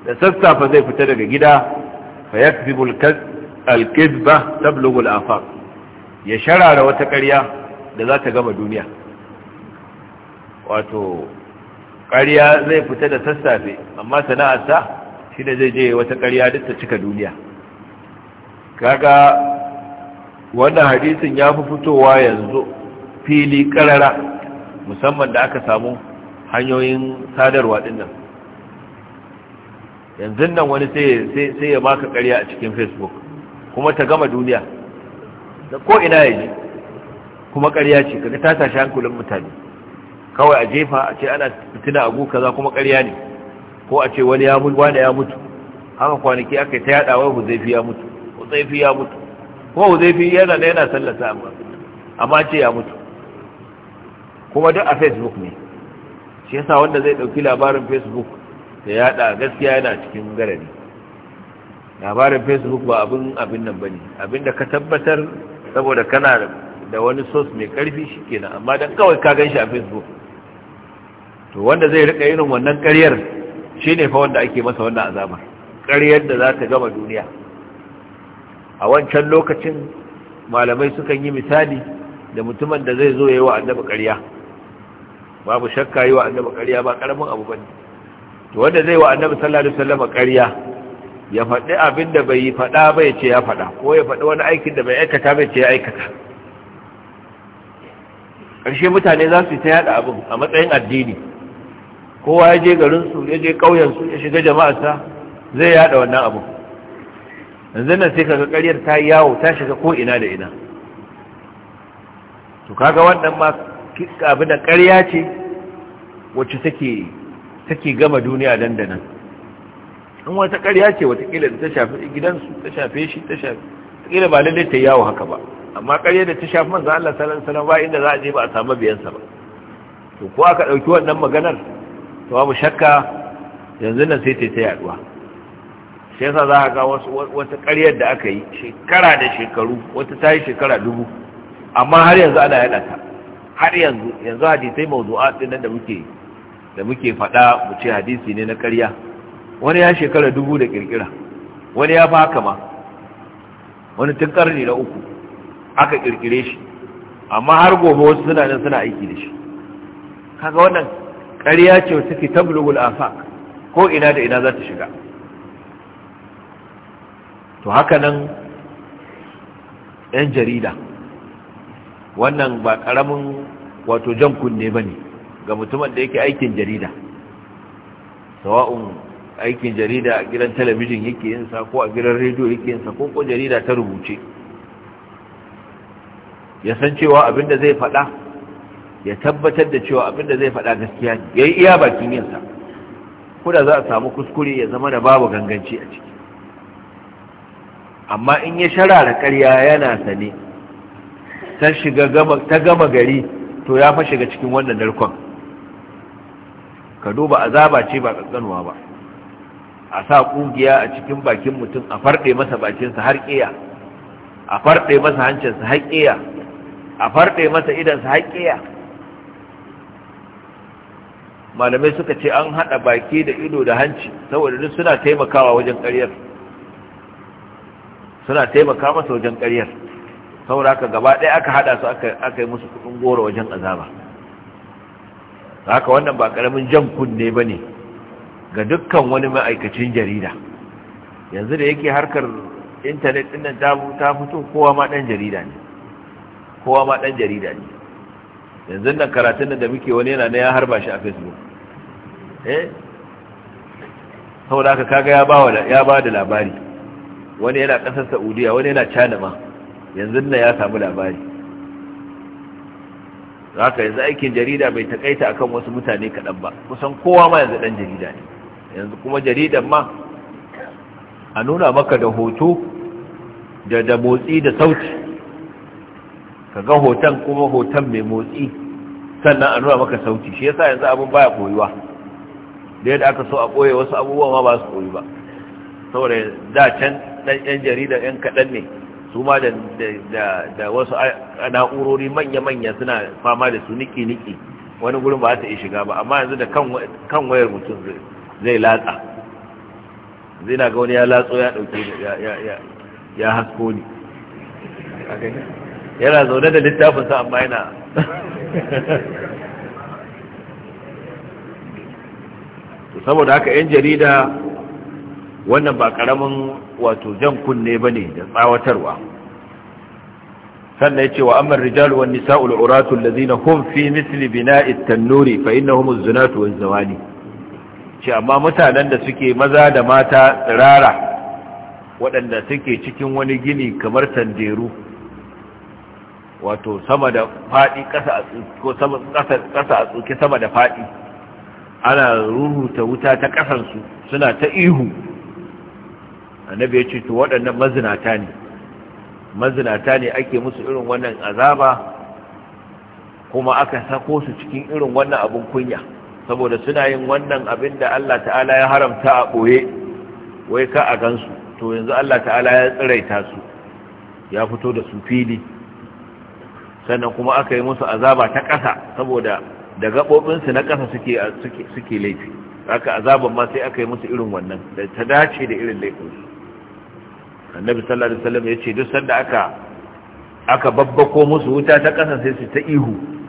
da sassafa zai fita daga gida fa ya fi alkizba tablugul afaq ya sharara wata ƙarya da za ta gama duniya wato ƙarya zai fita da sassafe amma sana'arsa shi ne zai je wata ƙarya duk ta cika duniya kaga wannan hadisin ya fi fitowa yanzu fili ƙarara musamman da aka samu hanyoyin sadarwa ɗin nan yanzu nan wani sai ya maka ƙarya a cikin facebook kuma ta gama duniya da ko ina ya je kuma ƙarya ce kaga ta tashi hankulin mutane kawai a jefa a ce ana fitina agu kaza kuma ƙarya ne ko a ce wani ya mutu wani ya mutu haka kwanaki aka ta yada wai huzaifi ya mutu huzaifi ya mutu kuma huzaifi yana da yana sallata amma amma ce ya mutu kuma duk a facebook ne shi yasa wanda zai dauki labarin facebook da yada gaskiya yana cikin garari labarin facebook ba abin abin nan bane abinda ka tabbatar saboda kana da wani sos mai karfi shi kenan amma don kawai ka gan shi a facebook to wanda zai rika irin wannan ƙaryar shi ne fa wanda ake masa wannan azaba ƙaryar da za ta gama duniya a wancan lokacin malamai sukan yi misali da mutumin da zai zo ya yi wa annaba ƙarya babu shakka yi wa annaba ƙarya ba ƙaramin abu bane to wanda zai wa annabi sallallahu alaihi wasallam ƙarya ya faɗi abin da bai yi faɗa bai ce ya faɗa ko ya faɗi wani aikin da bai aikata bai ce ya aikata ƙarshe mutane za su yi ta yada abin a matsayin addini kowa ya je garinsu ya je ƙauyensu ya shiga jama'arsa zai yada wannan abin yanzu nan sai kaga ƙaryar ta yi yawo ta shiga ko ina da ina to kaga wannan ma abin da ƙarya ce wacce take take gama duniya dandanan in wata ƙarya ce watakila da ta shafi gidansu ta shafe shi ta shafi watakila ba lalle ta yawo haka ba amma ƙarya da ta shafi manzan Allah sallallahu alaihi wasallam ba inda za a je ba a samu biyansa ba to ko aka ɗauki wannan maganar to babu shakka yanzu nan sai ta ta yaduwa shi yasa za a ga wata ƙarya da aka yi shekara da shekaru wata ta yi shekara dubu amma har yanzu ana yaɗa ta har yanzu yanzu hadisai mawdu'a ɗin da muke da muke faɗa mu ce hadisi ne na ƙarya wani ya shekara dubu da kirkira wani ya fi haka ma wani tun karni na uku aka kirkire shi amma har gobe wasu suna nan suna aiki da shi kaga wannan ƙarya ce wasu ke tablugul a ko ina da ina za ta shiga to haka nan 'yan jarida wannan ba ƙaramin wato jan kunne ba ne ga mutumin da yake aikin jarida sawa'un aikin jarida a gidan talabijin yake yin sa ko a gidan rediyo yake yin sa ko ko jarida ta rubuce ya san cewa abin da zai faɗa ya tabbatar da cewa abin da zai faɗa gaskiya ne yayi iya bakin yin sa ko za a samu kuskure ya zama da babu ganganci a ciki amma in ya sharara ƙarya yana sane ta shiga gama ta gama gari to ya fa shiga cikin wannan narkon ka duba azaba ce ba kankanuwa ba a sa ƙungiya a cikin bakin mutum a farɗe masa bakinsa har ƙiya a farɗe masa hancinsa har ƙiya a farɗe masa idansa har ƙiya malamai suka ce an haɗa baki da ido da hanci saboda duk suna taimakawa wajen ƙaryar suna taimaka masa wajen ƙaryar saboda haka gaba ɗaya aka haɗa su aka yi musu kuɗin goro wajen azaba haka wannan ba ƙaramin jan kunne ba ne ga dukkan wani ma'aikacin jarida yanzu da yake harkar intanet ɗin nan ta fito kowa ma ɗan jarida ne kowa ma ɗan jarida ne yanzu nan karatun nan da muke wani yana na ya harba shi a facebook eh da haka kaga ya bawa ya ba da labari wani yana ƙasar saudiya wani yana china ma yanzu nan ya samu labari haka yanzu aikin jarida bai takaita akan wasu mutane kaɗan ba kusan kowa ma yanzu ɗan jarida ne yanzu kuma jaridan ma a nuna maka da hoto da da motsi da sauti ka ga hoton kuma hoton mai motsi sannan a nuna maka sauti shi yasa yanzu abin baya koyuwa da yadda aka so a koye wasu abubuwa ma ba su koyi ba saboda da can dan yan jarida yan kaɗan ne su ma da da wasu na'urori manya-manya suna fama da su niki-niki wani gurin ba ta iya shiga ba amma yanzu da kan wayar mutum zai zai latsa zai ga wani ya latso ya dauke ya hasko ni yana zaune da littafinsa amma yana [LAUGHS] saboda haka 'yan jarida wannan ba karamin wato jan kunne ba ne da tsawatarwa sannan ya ce wa amma rijal wa nisa'ul lazina allazina hum fi misli bina'i tannuri fa innahum az zawani ce amma mutanen da suke maza da mata tsirara waɗanda suke cikin wani gini kamar tanderu wato sama da faɗi ƙasa a tsoke sama da faɗi ana ruruta wuta ta ƙasansu suna ta ihu annabi ya ce to waɗannan mazinata ne mazinata ne ake musu irin wannan azaba kuma aka sako su cikin irin wannan abin kunya saboda suna yin wannan abin da Allah ta'ala ya haramta a ɓoye wai ka a gansu to yanzu Allah ta'ala ya tsiraita su ya fito da su fili sannan kuma aka yi musu azaba ta ƙasa saboda da gaɓoɓinsu na ƙasa suke laifi aka azaban ma sai aka yi musu irin wannan da ta dace da irin laifinsu annabi sallallahu alaihi wasallam ya ce duk sanda aka aka babbako musu wuta ta ƙasa sai su ta ihu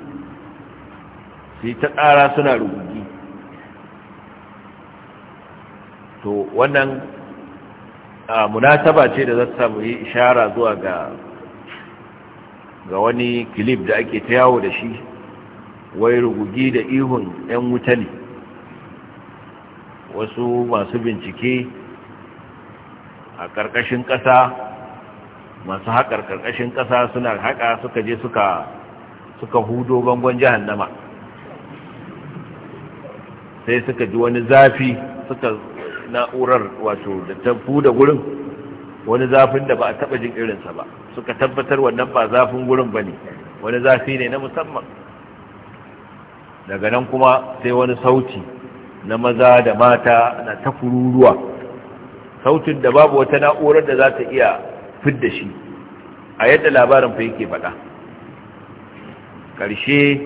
sai ta ƙara suna rubuji to wannan munasaba ce da za ta samu yi ishara zuwa ga ga wani kilif da ake ta yawo da shi wai rugugi da ihun 'yan wuta ne wasu masu bincike a ƙarƙashin ƙasa masu haƙar ƙarƙashin ƙasa suna haƙa suka je suka hudo hudo bangon nama sai suka ji wani zafi suka na'urar wato da ta fuda gurin wani zafin da ba a taɓa jin irinsa ba suka tabbatar wannan ba zafin gurin ba ne wani zafi ne na musamman daga nan kuma sai wani sauti na maza da mata na ta kururuwa sautin da babu wata na'urar da za ta iya fidda shi a yadda labarin fa yake faɗa ƙarshe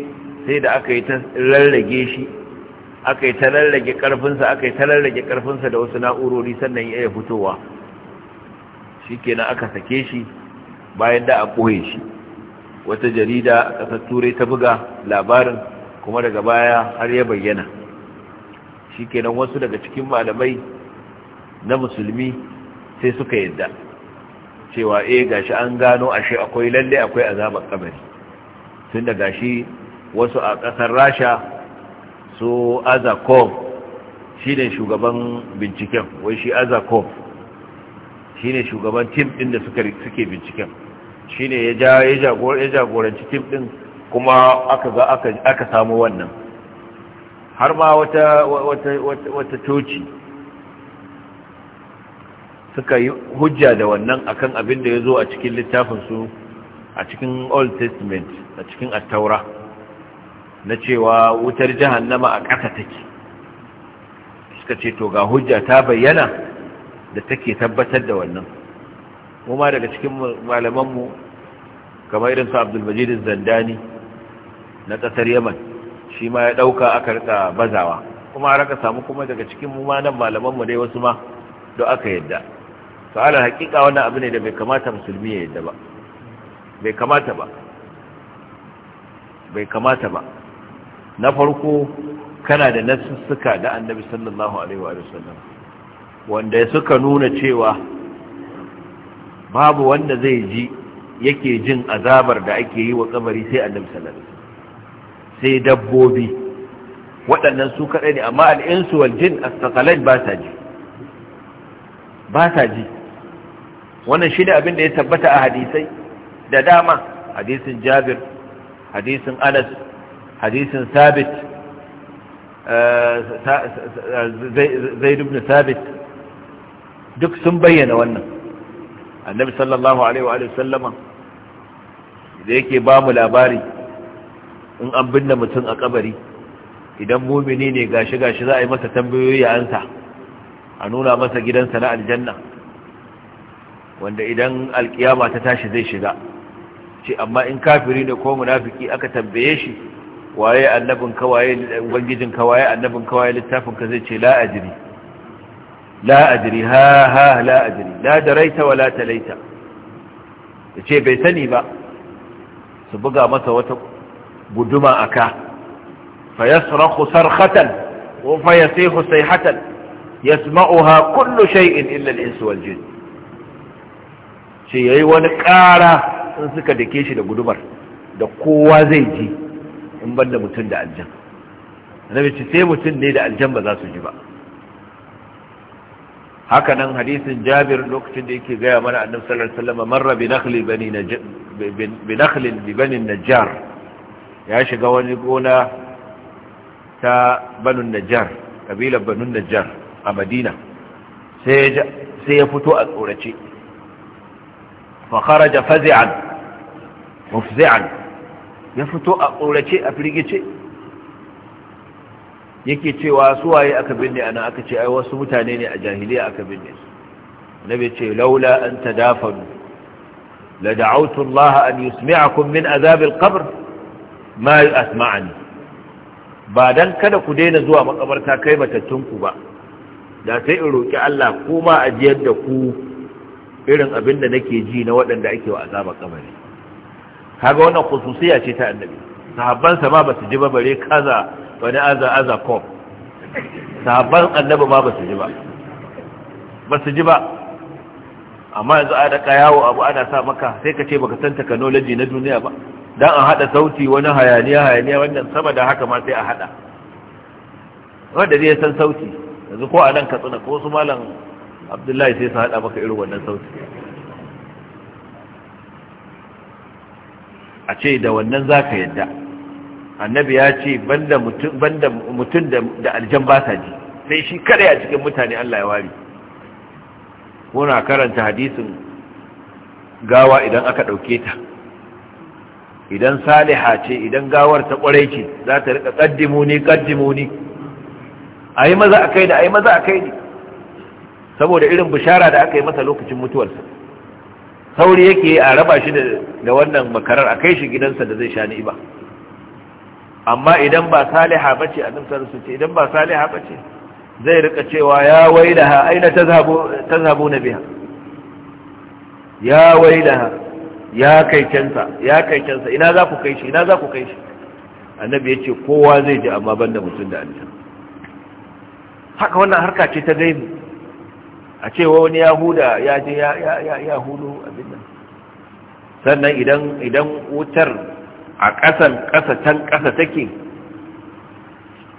sai da aka yi ta rarrage shi aka yi ta rarrage karfinsa aka yi karfinsa da wasu na'urori sannan ya iya fitowa shi aka sake shi bayan da a ɓoye shi wata jarida a ƙasar turai ta buga labarin kuma daga baya har ya bayyana Shikenan wasu daga cikin malamai na musulmi sai suka yadda cewa eh gashi an gano ashe akwai lalle akwai azabar kabari tunda gashi wasu a ƙasar rasha su azakov shi ne shugaban binciken wai shi azakov shi ne shugaban tim ɗin da suke binciken shi ne ya jagoranci tim ɗin kuma aka ga aka samu wannan har ma wata coci suka yi hujja da wannan akan abin da ya zo a cikin littafinsu a cikin old testament a cikin attaura na cewa wutar jahannama a ƙasa take suka ce to ga hujja ta bayyana da take tabbatar da wannan kuma daga cikin malamanmu kamar irin su abdulmajid zandani na ƙasar yaman shi ma ya ɗauka aka rika bazawa kuma raka samu kuma daga cikin mu ma nan malamanmu dai wasu ma don aka yadda to ala hakika wannan abu ne da bai kamata musulmi ya yadda ba bai kamata ba bai kamata ba na farko kana da nasussuka da annabi sallallahu alaihi wa sallam wanda suka nuna cewa babu wanda zai ji yake jin azabar da ake yi wa kabari sai annabi sallallahu alaihi sai dabbobi waɗannan su kaɗai ne amma al'insu wal jin astaqalan ba ta ji ba ta ji wannan shi ne abin da ya tabbata a hadisai da dama hadisin jabir hadisin anas hadisin sabit eh, zai ibn sabit duk sun bayyana wannan annabi sallallahu alaihi wa sallama da yake ba mu labari in an binne mutum a kabari idan mumini ne gashi gashi za a yi masa tambayoyi ya ansa a nuna masa gidansa na aljanna wanda idan alkiyama ta tashi zai shiga ce amma in kafiri ne ko munafuki aka tambaye shi waye annabin ka waye ubangijin ka waye annabin ka waye littafin ka zai ce la ajri la ajri ha ha la ajri la daraita wa la talaita yace bai sani ba su buga masa wata guduma aka fa yasrahu sarkhatan wa fa yasihu sayhatan yasma'uha kullu shay'in illa al-insu wal jinn ce yayi wani ƙara in suka dake shi da gudumar da kowa zai ji in ban da mutum da aljan annabi ce sai mutum ne da aljan ba za su ji ba haka nan hadisin jabir lokacin da yake gaya mana annabi sallallahu alaihi marra bi nakhli najjar ya shiga wani gona ta banu najjar kabilar banu najjar a madina sai ya fito a tsorace fa kharaja fazi'an mufzi'an ya fito a tsorace a firgice yake cewa suwaye aka binne ana aka ce ai wasu mutane ne a jahiliya aka binne nabi ce laula an tadafanu la da'awtu Allah an yusmi'akum min azab al-qabr ma yasma'ani ba dan kada ku daina zuwa makabarta kai matattun ku ba da sai in roki Allah ko ma ajiyar da ku irin abin da nake ji na waɗanda ake wa azaba kabari kaga wannan khususiyya ce ta annabi sahabbansa ma ba su ji ba bare kaza wani aza aza kom sahabban annabi ma ba su ji ba ba su ji ba amma yanzu a daga yawo abu ana sa maka sai ka ce baka san technology na duniya ba dan an hada sauti wani hayaniya hayaniya wannan sama da haka ma sai a hada wanda zai san sauti yanzu ko a nan katsina ko su malam abdullahi sai su hada maka irin wannan sauti a ce da wannan za ka yadda annabi ya ce banda mutum da aljan ba sa ji sai shi kadai a cikin mutane Allah ya wari kuna karanta hadisin gawa idan aka ɗauke ta idan saliha ce idan gawar ta kwarai ce za ta riƙa ƙaddimu ne ƙaddimu ne a yi maza a kai da a yi maza a kai ne saboda irin bishara da aka yi masa lokacin mutuwarsa sauri yake a raba shi da wannan makarar a kai shi gidansa da zai sha ba amma idan ba saliha bace annabi su ce, idan ba saliha bace zai rika cewa ya wai da ha aina zabu na biya. ya wai da ha, ya kai kansa ya kai kansa ina za ku kai shi ina za ku kai shi annabi ya ce, kowa zai ji amma banda mutum da aljanna haka wannan harka ce ta gaibu a cewa wani yahuda ya je ya hudu abin nan sannan idan wutar a ƙasan ƙasa can ƙasa take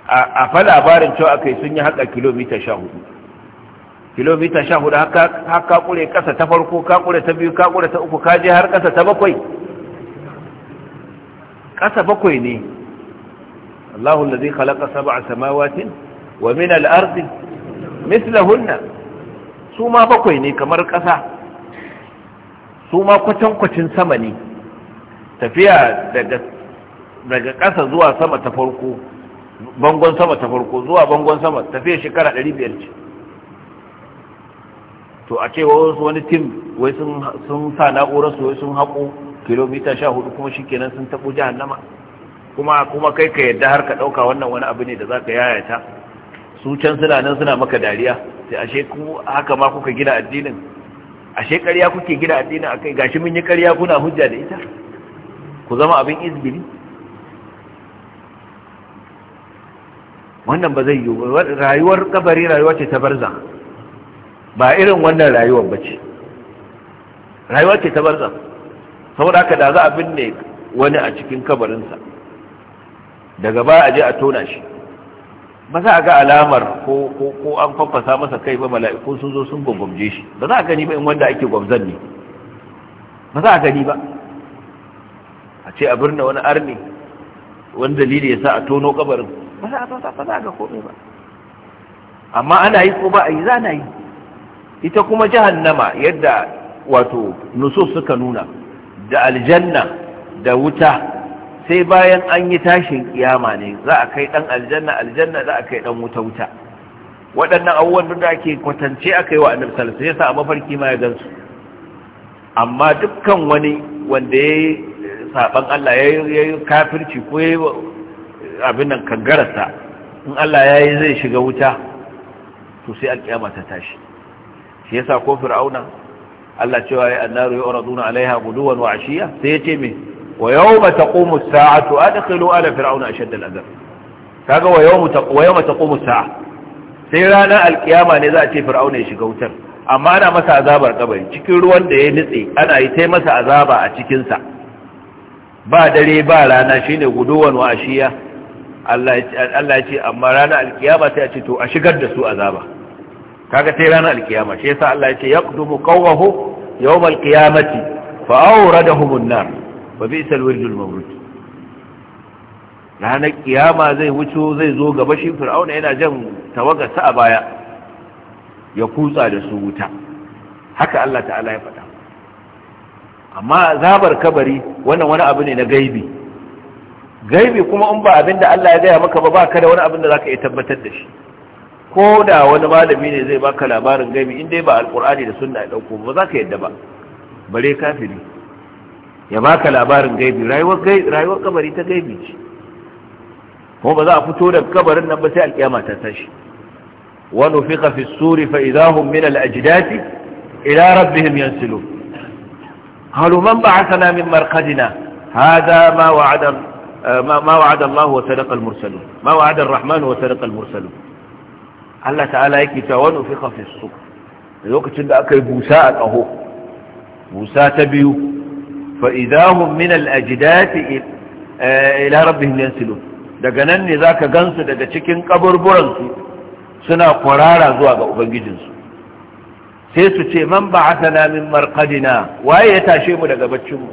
a fa labarin cewa kai sun yi haka kilomita sha hudu kilomita sha hudu haka kure ƙasa ta farko ka kure ta biyu ka kure ta uku ka je har ƙasa ta bakwai ƙasa bakwai ne Allahu zai halaka sab'a samawatin wa min al-ardi su ma bakwai ne kamar ƙasa su ma kwacin-kwacin sama ne tafiya daga ƙasa zuwa sama ta farko bangon sama ta farko zuwa bangon sama tafiya shekara 500 ce to a ce wasu wani tim wai sun sa na'urar su wai sun haƙo kilomita 14 kuma shikenan sun taɓo jahannama kuma kuma kai ka yadda har ka ɗauka wannan wani abu ne da za ka yayata su can suna nan suna maka dariya sai ashe ku haka ma kuka gina addinin ashe ƙarya kuke gina addinin akai gashi mun yi ƙarya kuna hujja da ita ku zama abin izbili wannan ba zai yi rayuwar kabari rayuwa ce ta barza ba irin wannan rayuwar ba ce rayuwa ce ta barza saboda haka da za a binne wani a cikin kabarinsa daga ba a je a tona shi ba za a ga alamar ko an fafasa masa kai ba mala'iku sun zo sun gwamgwamje shi ba za a gani ba in wanda ake gwamzan ne ba za a gani ba a ce a birna wani arni wani dalili ya sa a tono kabarin ba za a ga komai ba amma ana yi ko ba a yi za na yi ita kuma jahannama yadda wato nusus suka nuna da aljanna da wuta sai bayan an yi tashin kiyama ne za a kai dan aljanna aljanna za a kai dan wuta wuta waɗannan abubuwan duk da ake kwatance a kai wa annabi sallallahu alaihi wasallam mafarki ma ya gansu amma dukkan wani wanda ya saban Allah yi kafirci ko ya abin nan kangararsa in Allah ya yi zai shiga wuta to sai alkiyama ta tashi shi yasa ko fir'auna Allah cewa ya annaru yuraduna alaiha guduwan wa ashiya sai ya ce me wa yawma taqumu as-sa'atu adkhilu ala fir'auna ashadd al-azab kaga wa yawma taqu wa yawma taqumu as-sa'a sai ranar alkiyama ne za a ce fir'auna ya shiga wutar amma ana masa azabar kabari cikin ruwan da ya nitse ana yi tai masa azaba a cikin sa ba dare ba rana shine guduwan wa ashiya Allah ya ce amma ranar alkiyama sai a ce to a shigar da su azaba kaga sai ranar alkiyama shi yasa Allah ya ce yaqdumu qawwahu yawm alqiyamati fa awradahum an-nar fa bisal wirdul mawrud ranar kiyama zai wuce zai zo gaba shi fir'auna yana jan tawagarsa a baya ya kutsa da su wuta haka Allah ta'ala ya faɗa amma zabar kabari wannan wani abu ne na gaibi gaibi kuma in ba abin da Allah ya gaya maka ba baka da wani abin da za ka iya tabbatar da shi ko da wani malami ne zai baka labarin gaibi in dai ba alkur'ani da sunna ya ɗauko ba za ka yadda ba bare kafiri ya baka labarin gaibi rayuwar rayuwar kabari ta gaibi ce ko ba za a fito da kabarin nan ba sai alkiyama ta tashi wa nufiqa fi suri fa idahum min al-ajdati ila rabbihim yansilun qalu man ba'athana min marqadina hadha ma wa'ada ما وعد الله وصدق المرسلون ما وعد الرحمن وصدق المرسلون الله تعالى yake cewa wani fi khafi su lokacin da aka yi busa a kaho busa ta biyu fa'idahun min al'ajidati ila rabbihim yansilu daga nan ne zaka gansu daga cikin kaburburansu suna kwarara zuwa ga ubangijinsu sai su ce man ba'athana min marqadina waye ya tashe mu daga baccin mu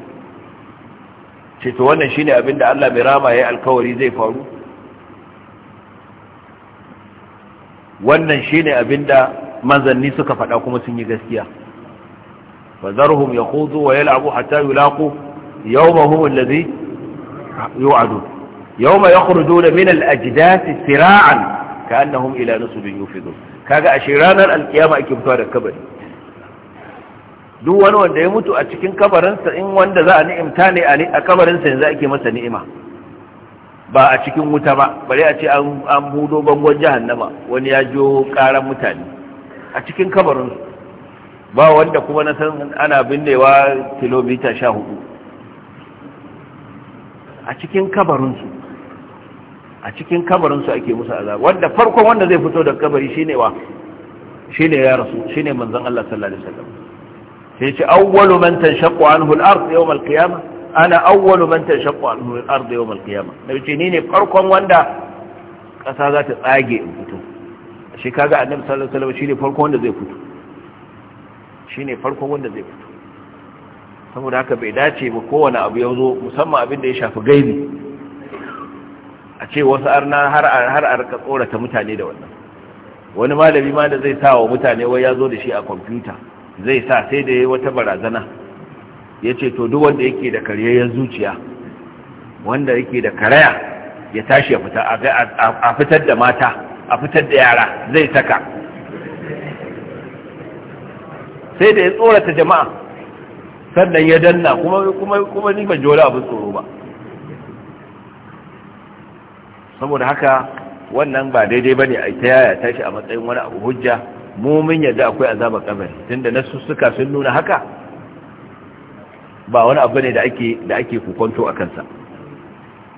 wannan shine abin da Allah mai ramaye yayi alkawari zai faru wannan shine abin da manzanni suka faɗa kuma sun yi gaskiya فذرهم يخوضوا ويلعبوا حتى يلاقوا يومهم الذي يوعدون يوم يخرجون من الأجداث سراعا كأنهم إلى نصب يوفدون كاقا أشيرانا القيامة أكبتها الكبري duk wani wanda ya mutu a cikin kabarinsa in wanda za ni'imta ne a kabarinsa yanzu ake masa ni'ima ba a cikin wuta ba bare a ce an hudo bangon jahannama wani ya jo karan mutane a cikin kabarinsu ba wanda kuma na san ana binnewa kilomita sha hudu a cikin kabarinsu a cikin kabarinsu ake musu azab wanda farkon wanda zai fito da kabari shine wa shine ya rasu shine manzan Allah sallallahu alaihi wasallam sai ce awwalu man tanshaqqu anhu al-ard yawm al-qiyamah ana awwalu man tanshaqqu anhu al-ard yawm al-qiyamah nabi ce ni ne farkon wanda kasa za ta tsage in fito shi kaga annabi sallallahu alaihi wasallam ne farkon wanda zai fito Shi ne farko wanda zai fito saboda haka bai dace ba kowane abu ya zo musamman abin da ya shafi gaibi a ce wasu arna har har a rika tsorata mutane da wannan wani malami ma da zai sa wa mutane wai ya zo da shi a kwamfuta zai sa sai da ya wata barazana ya ce to duk wanda yake da karyayyar zuciya wanda yake da karaya ya tashi ya fita a fitar da mata a fitar da yara zai saka sai da ya tsorata jama'a sannan ya danna kuma kuma kuma ni ban jola abin tsoro ba saboda haka wannan ba daidai bane a ta yaya tashi a matsayin wani abu hujja mu mun yadda akwai azaba kabari tunda na suka sun nuna haka ba wani abu ne da ake da ake a kansa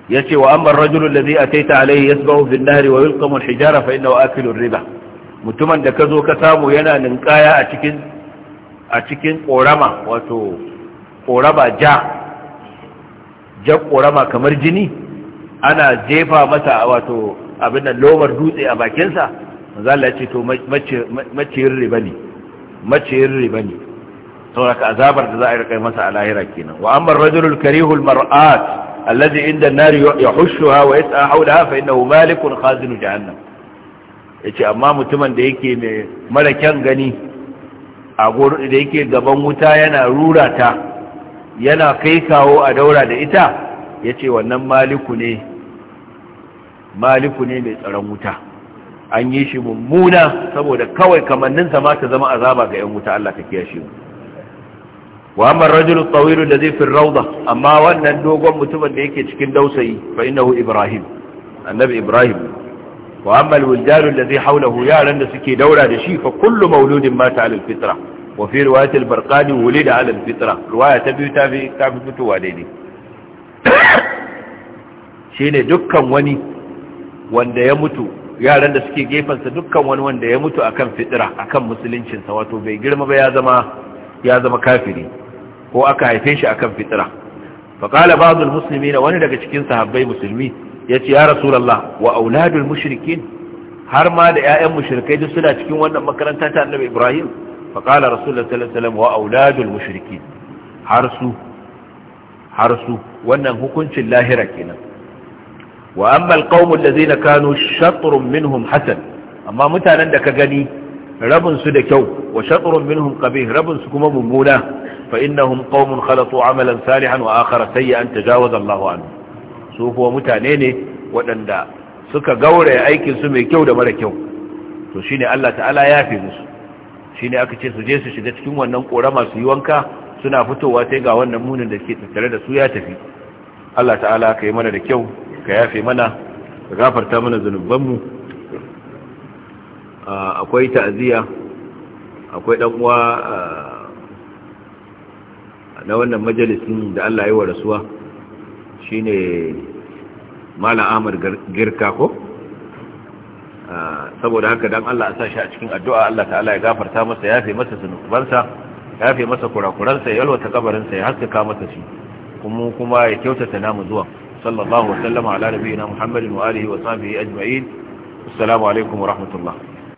yace wa amma ar rajul alladhi ataita alayhi yasbahu fi an nahr wa yulqamu al-hijara fa innahu akilu riba mutumin da kazo ka samu yana ninkaya a cikin a cikin ƙorama wato ƙorama ja ja ƙorama kamar jini ana jefa masa wato abin lomar dutse a bakinsa zala ce to maciyin riba ne maciyin riba ne sauraka azabar da za a rikai masa a lahira kenan wa amma rajulul karihul mar'at الذي عند النار يحشها ويسعى حولها فإنه مالك خازن جهنم yace amma mutumin da yake mai mara gani a da yake gaban wuta yana rura ta yana kai kawo a daura da ita ya ce wannan maliku ne maliku ne mai tsaron wuta an yi shi mummuna saboda kawai kamanninsa ma ta zama azaba ga 'yan wuta Allah ka kiyashe mu واما الرجل da zai fin الروضه Amma wannan dogon mutumin da yake cikin dausayi fa innahu ibrahim annabi ibrahim wa ammal wildanul ladhi hawlahu yaran da suke daura da shi fa kullu mauludin mata alal fitra wa fi riwayat al barqani wulida alal fitra riwaya ta biyu ta fi ta fitowa daidai [COUGHS] shine dukkan wani wanda ya mutu yaran da suke gefansa dukkan wani wanda ya mutu akan fitra akan musuluncinsa wato bai girma ba ya zama ya zama kafiri ko aka haife shi akan fitra faqala ba'd al-muslimin wani daga cikin sahabbai musulmi ya ce ya rasulallah wa auladul mushrikin har ma da 'ya'yan mushrikai duk suna cikin wannan makaranta ta annabi ibrahim fa qala rasulullah wa auladul mushrikin har su har su wannan hukuncin lahira kenan wa amma alqaumul ladzina kanu shatrun minhum hasan amma mutanen da ka gani rabin su da kyau wa shatrun minhum qabih rabin su kuma mummuna fa innahum qaumun khalatu amalan salihan wa akhara sayyi'an tajawaza Allahu anhu su mutane ne waɗanda suka gauraya aikinsu mai kyau da mara kyau to shine Allah ta'ala ya fi musu shine aka ce su je su shiga cikin wannan korama su yi wanka suna fitowa sai ga wannan munin da ke tattare da su ya tafi Allah ta'ala ka yi mana da kyau ka yafe mana ka gafarta mana zunubanmu akwai ta'aziyya akwai dan uwa na wannan majalisin da Allah ya yi wa rasuwa shine mala amur girka ko ah, saboda haka dan Allah a sa shi a cikin addu'a Allah ta'ala ya gafarta masa yafe masa ya yafe masa kurakuransa ya yalwata kabarinsa ya haskaka masa shi kuma ya kyautata namu zuwa sallallahu wasallama ala nabiyina muhammadin wa alihi wa sahbihi ajma'in assalamu alaikum wa rahmatullah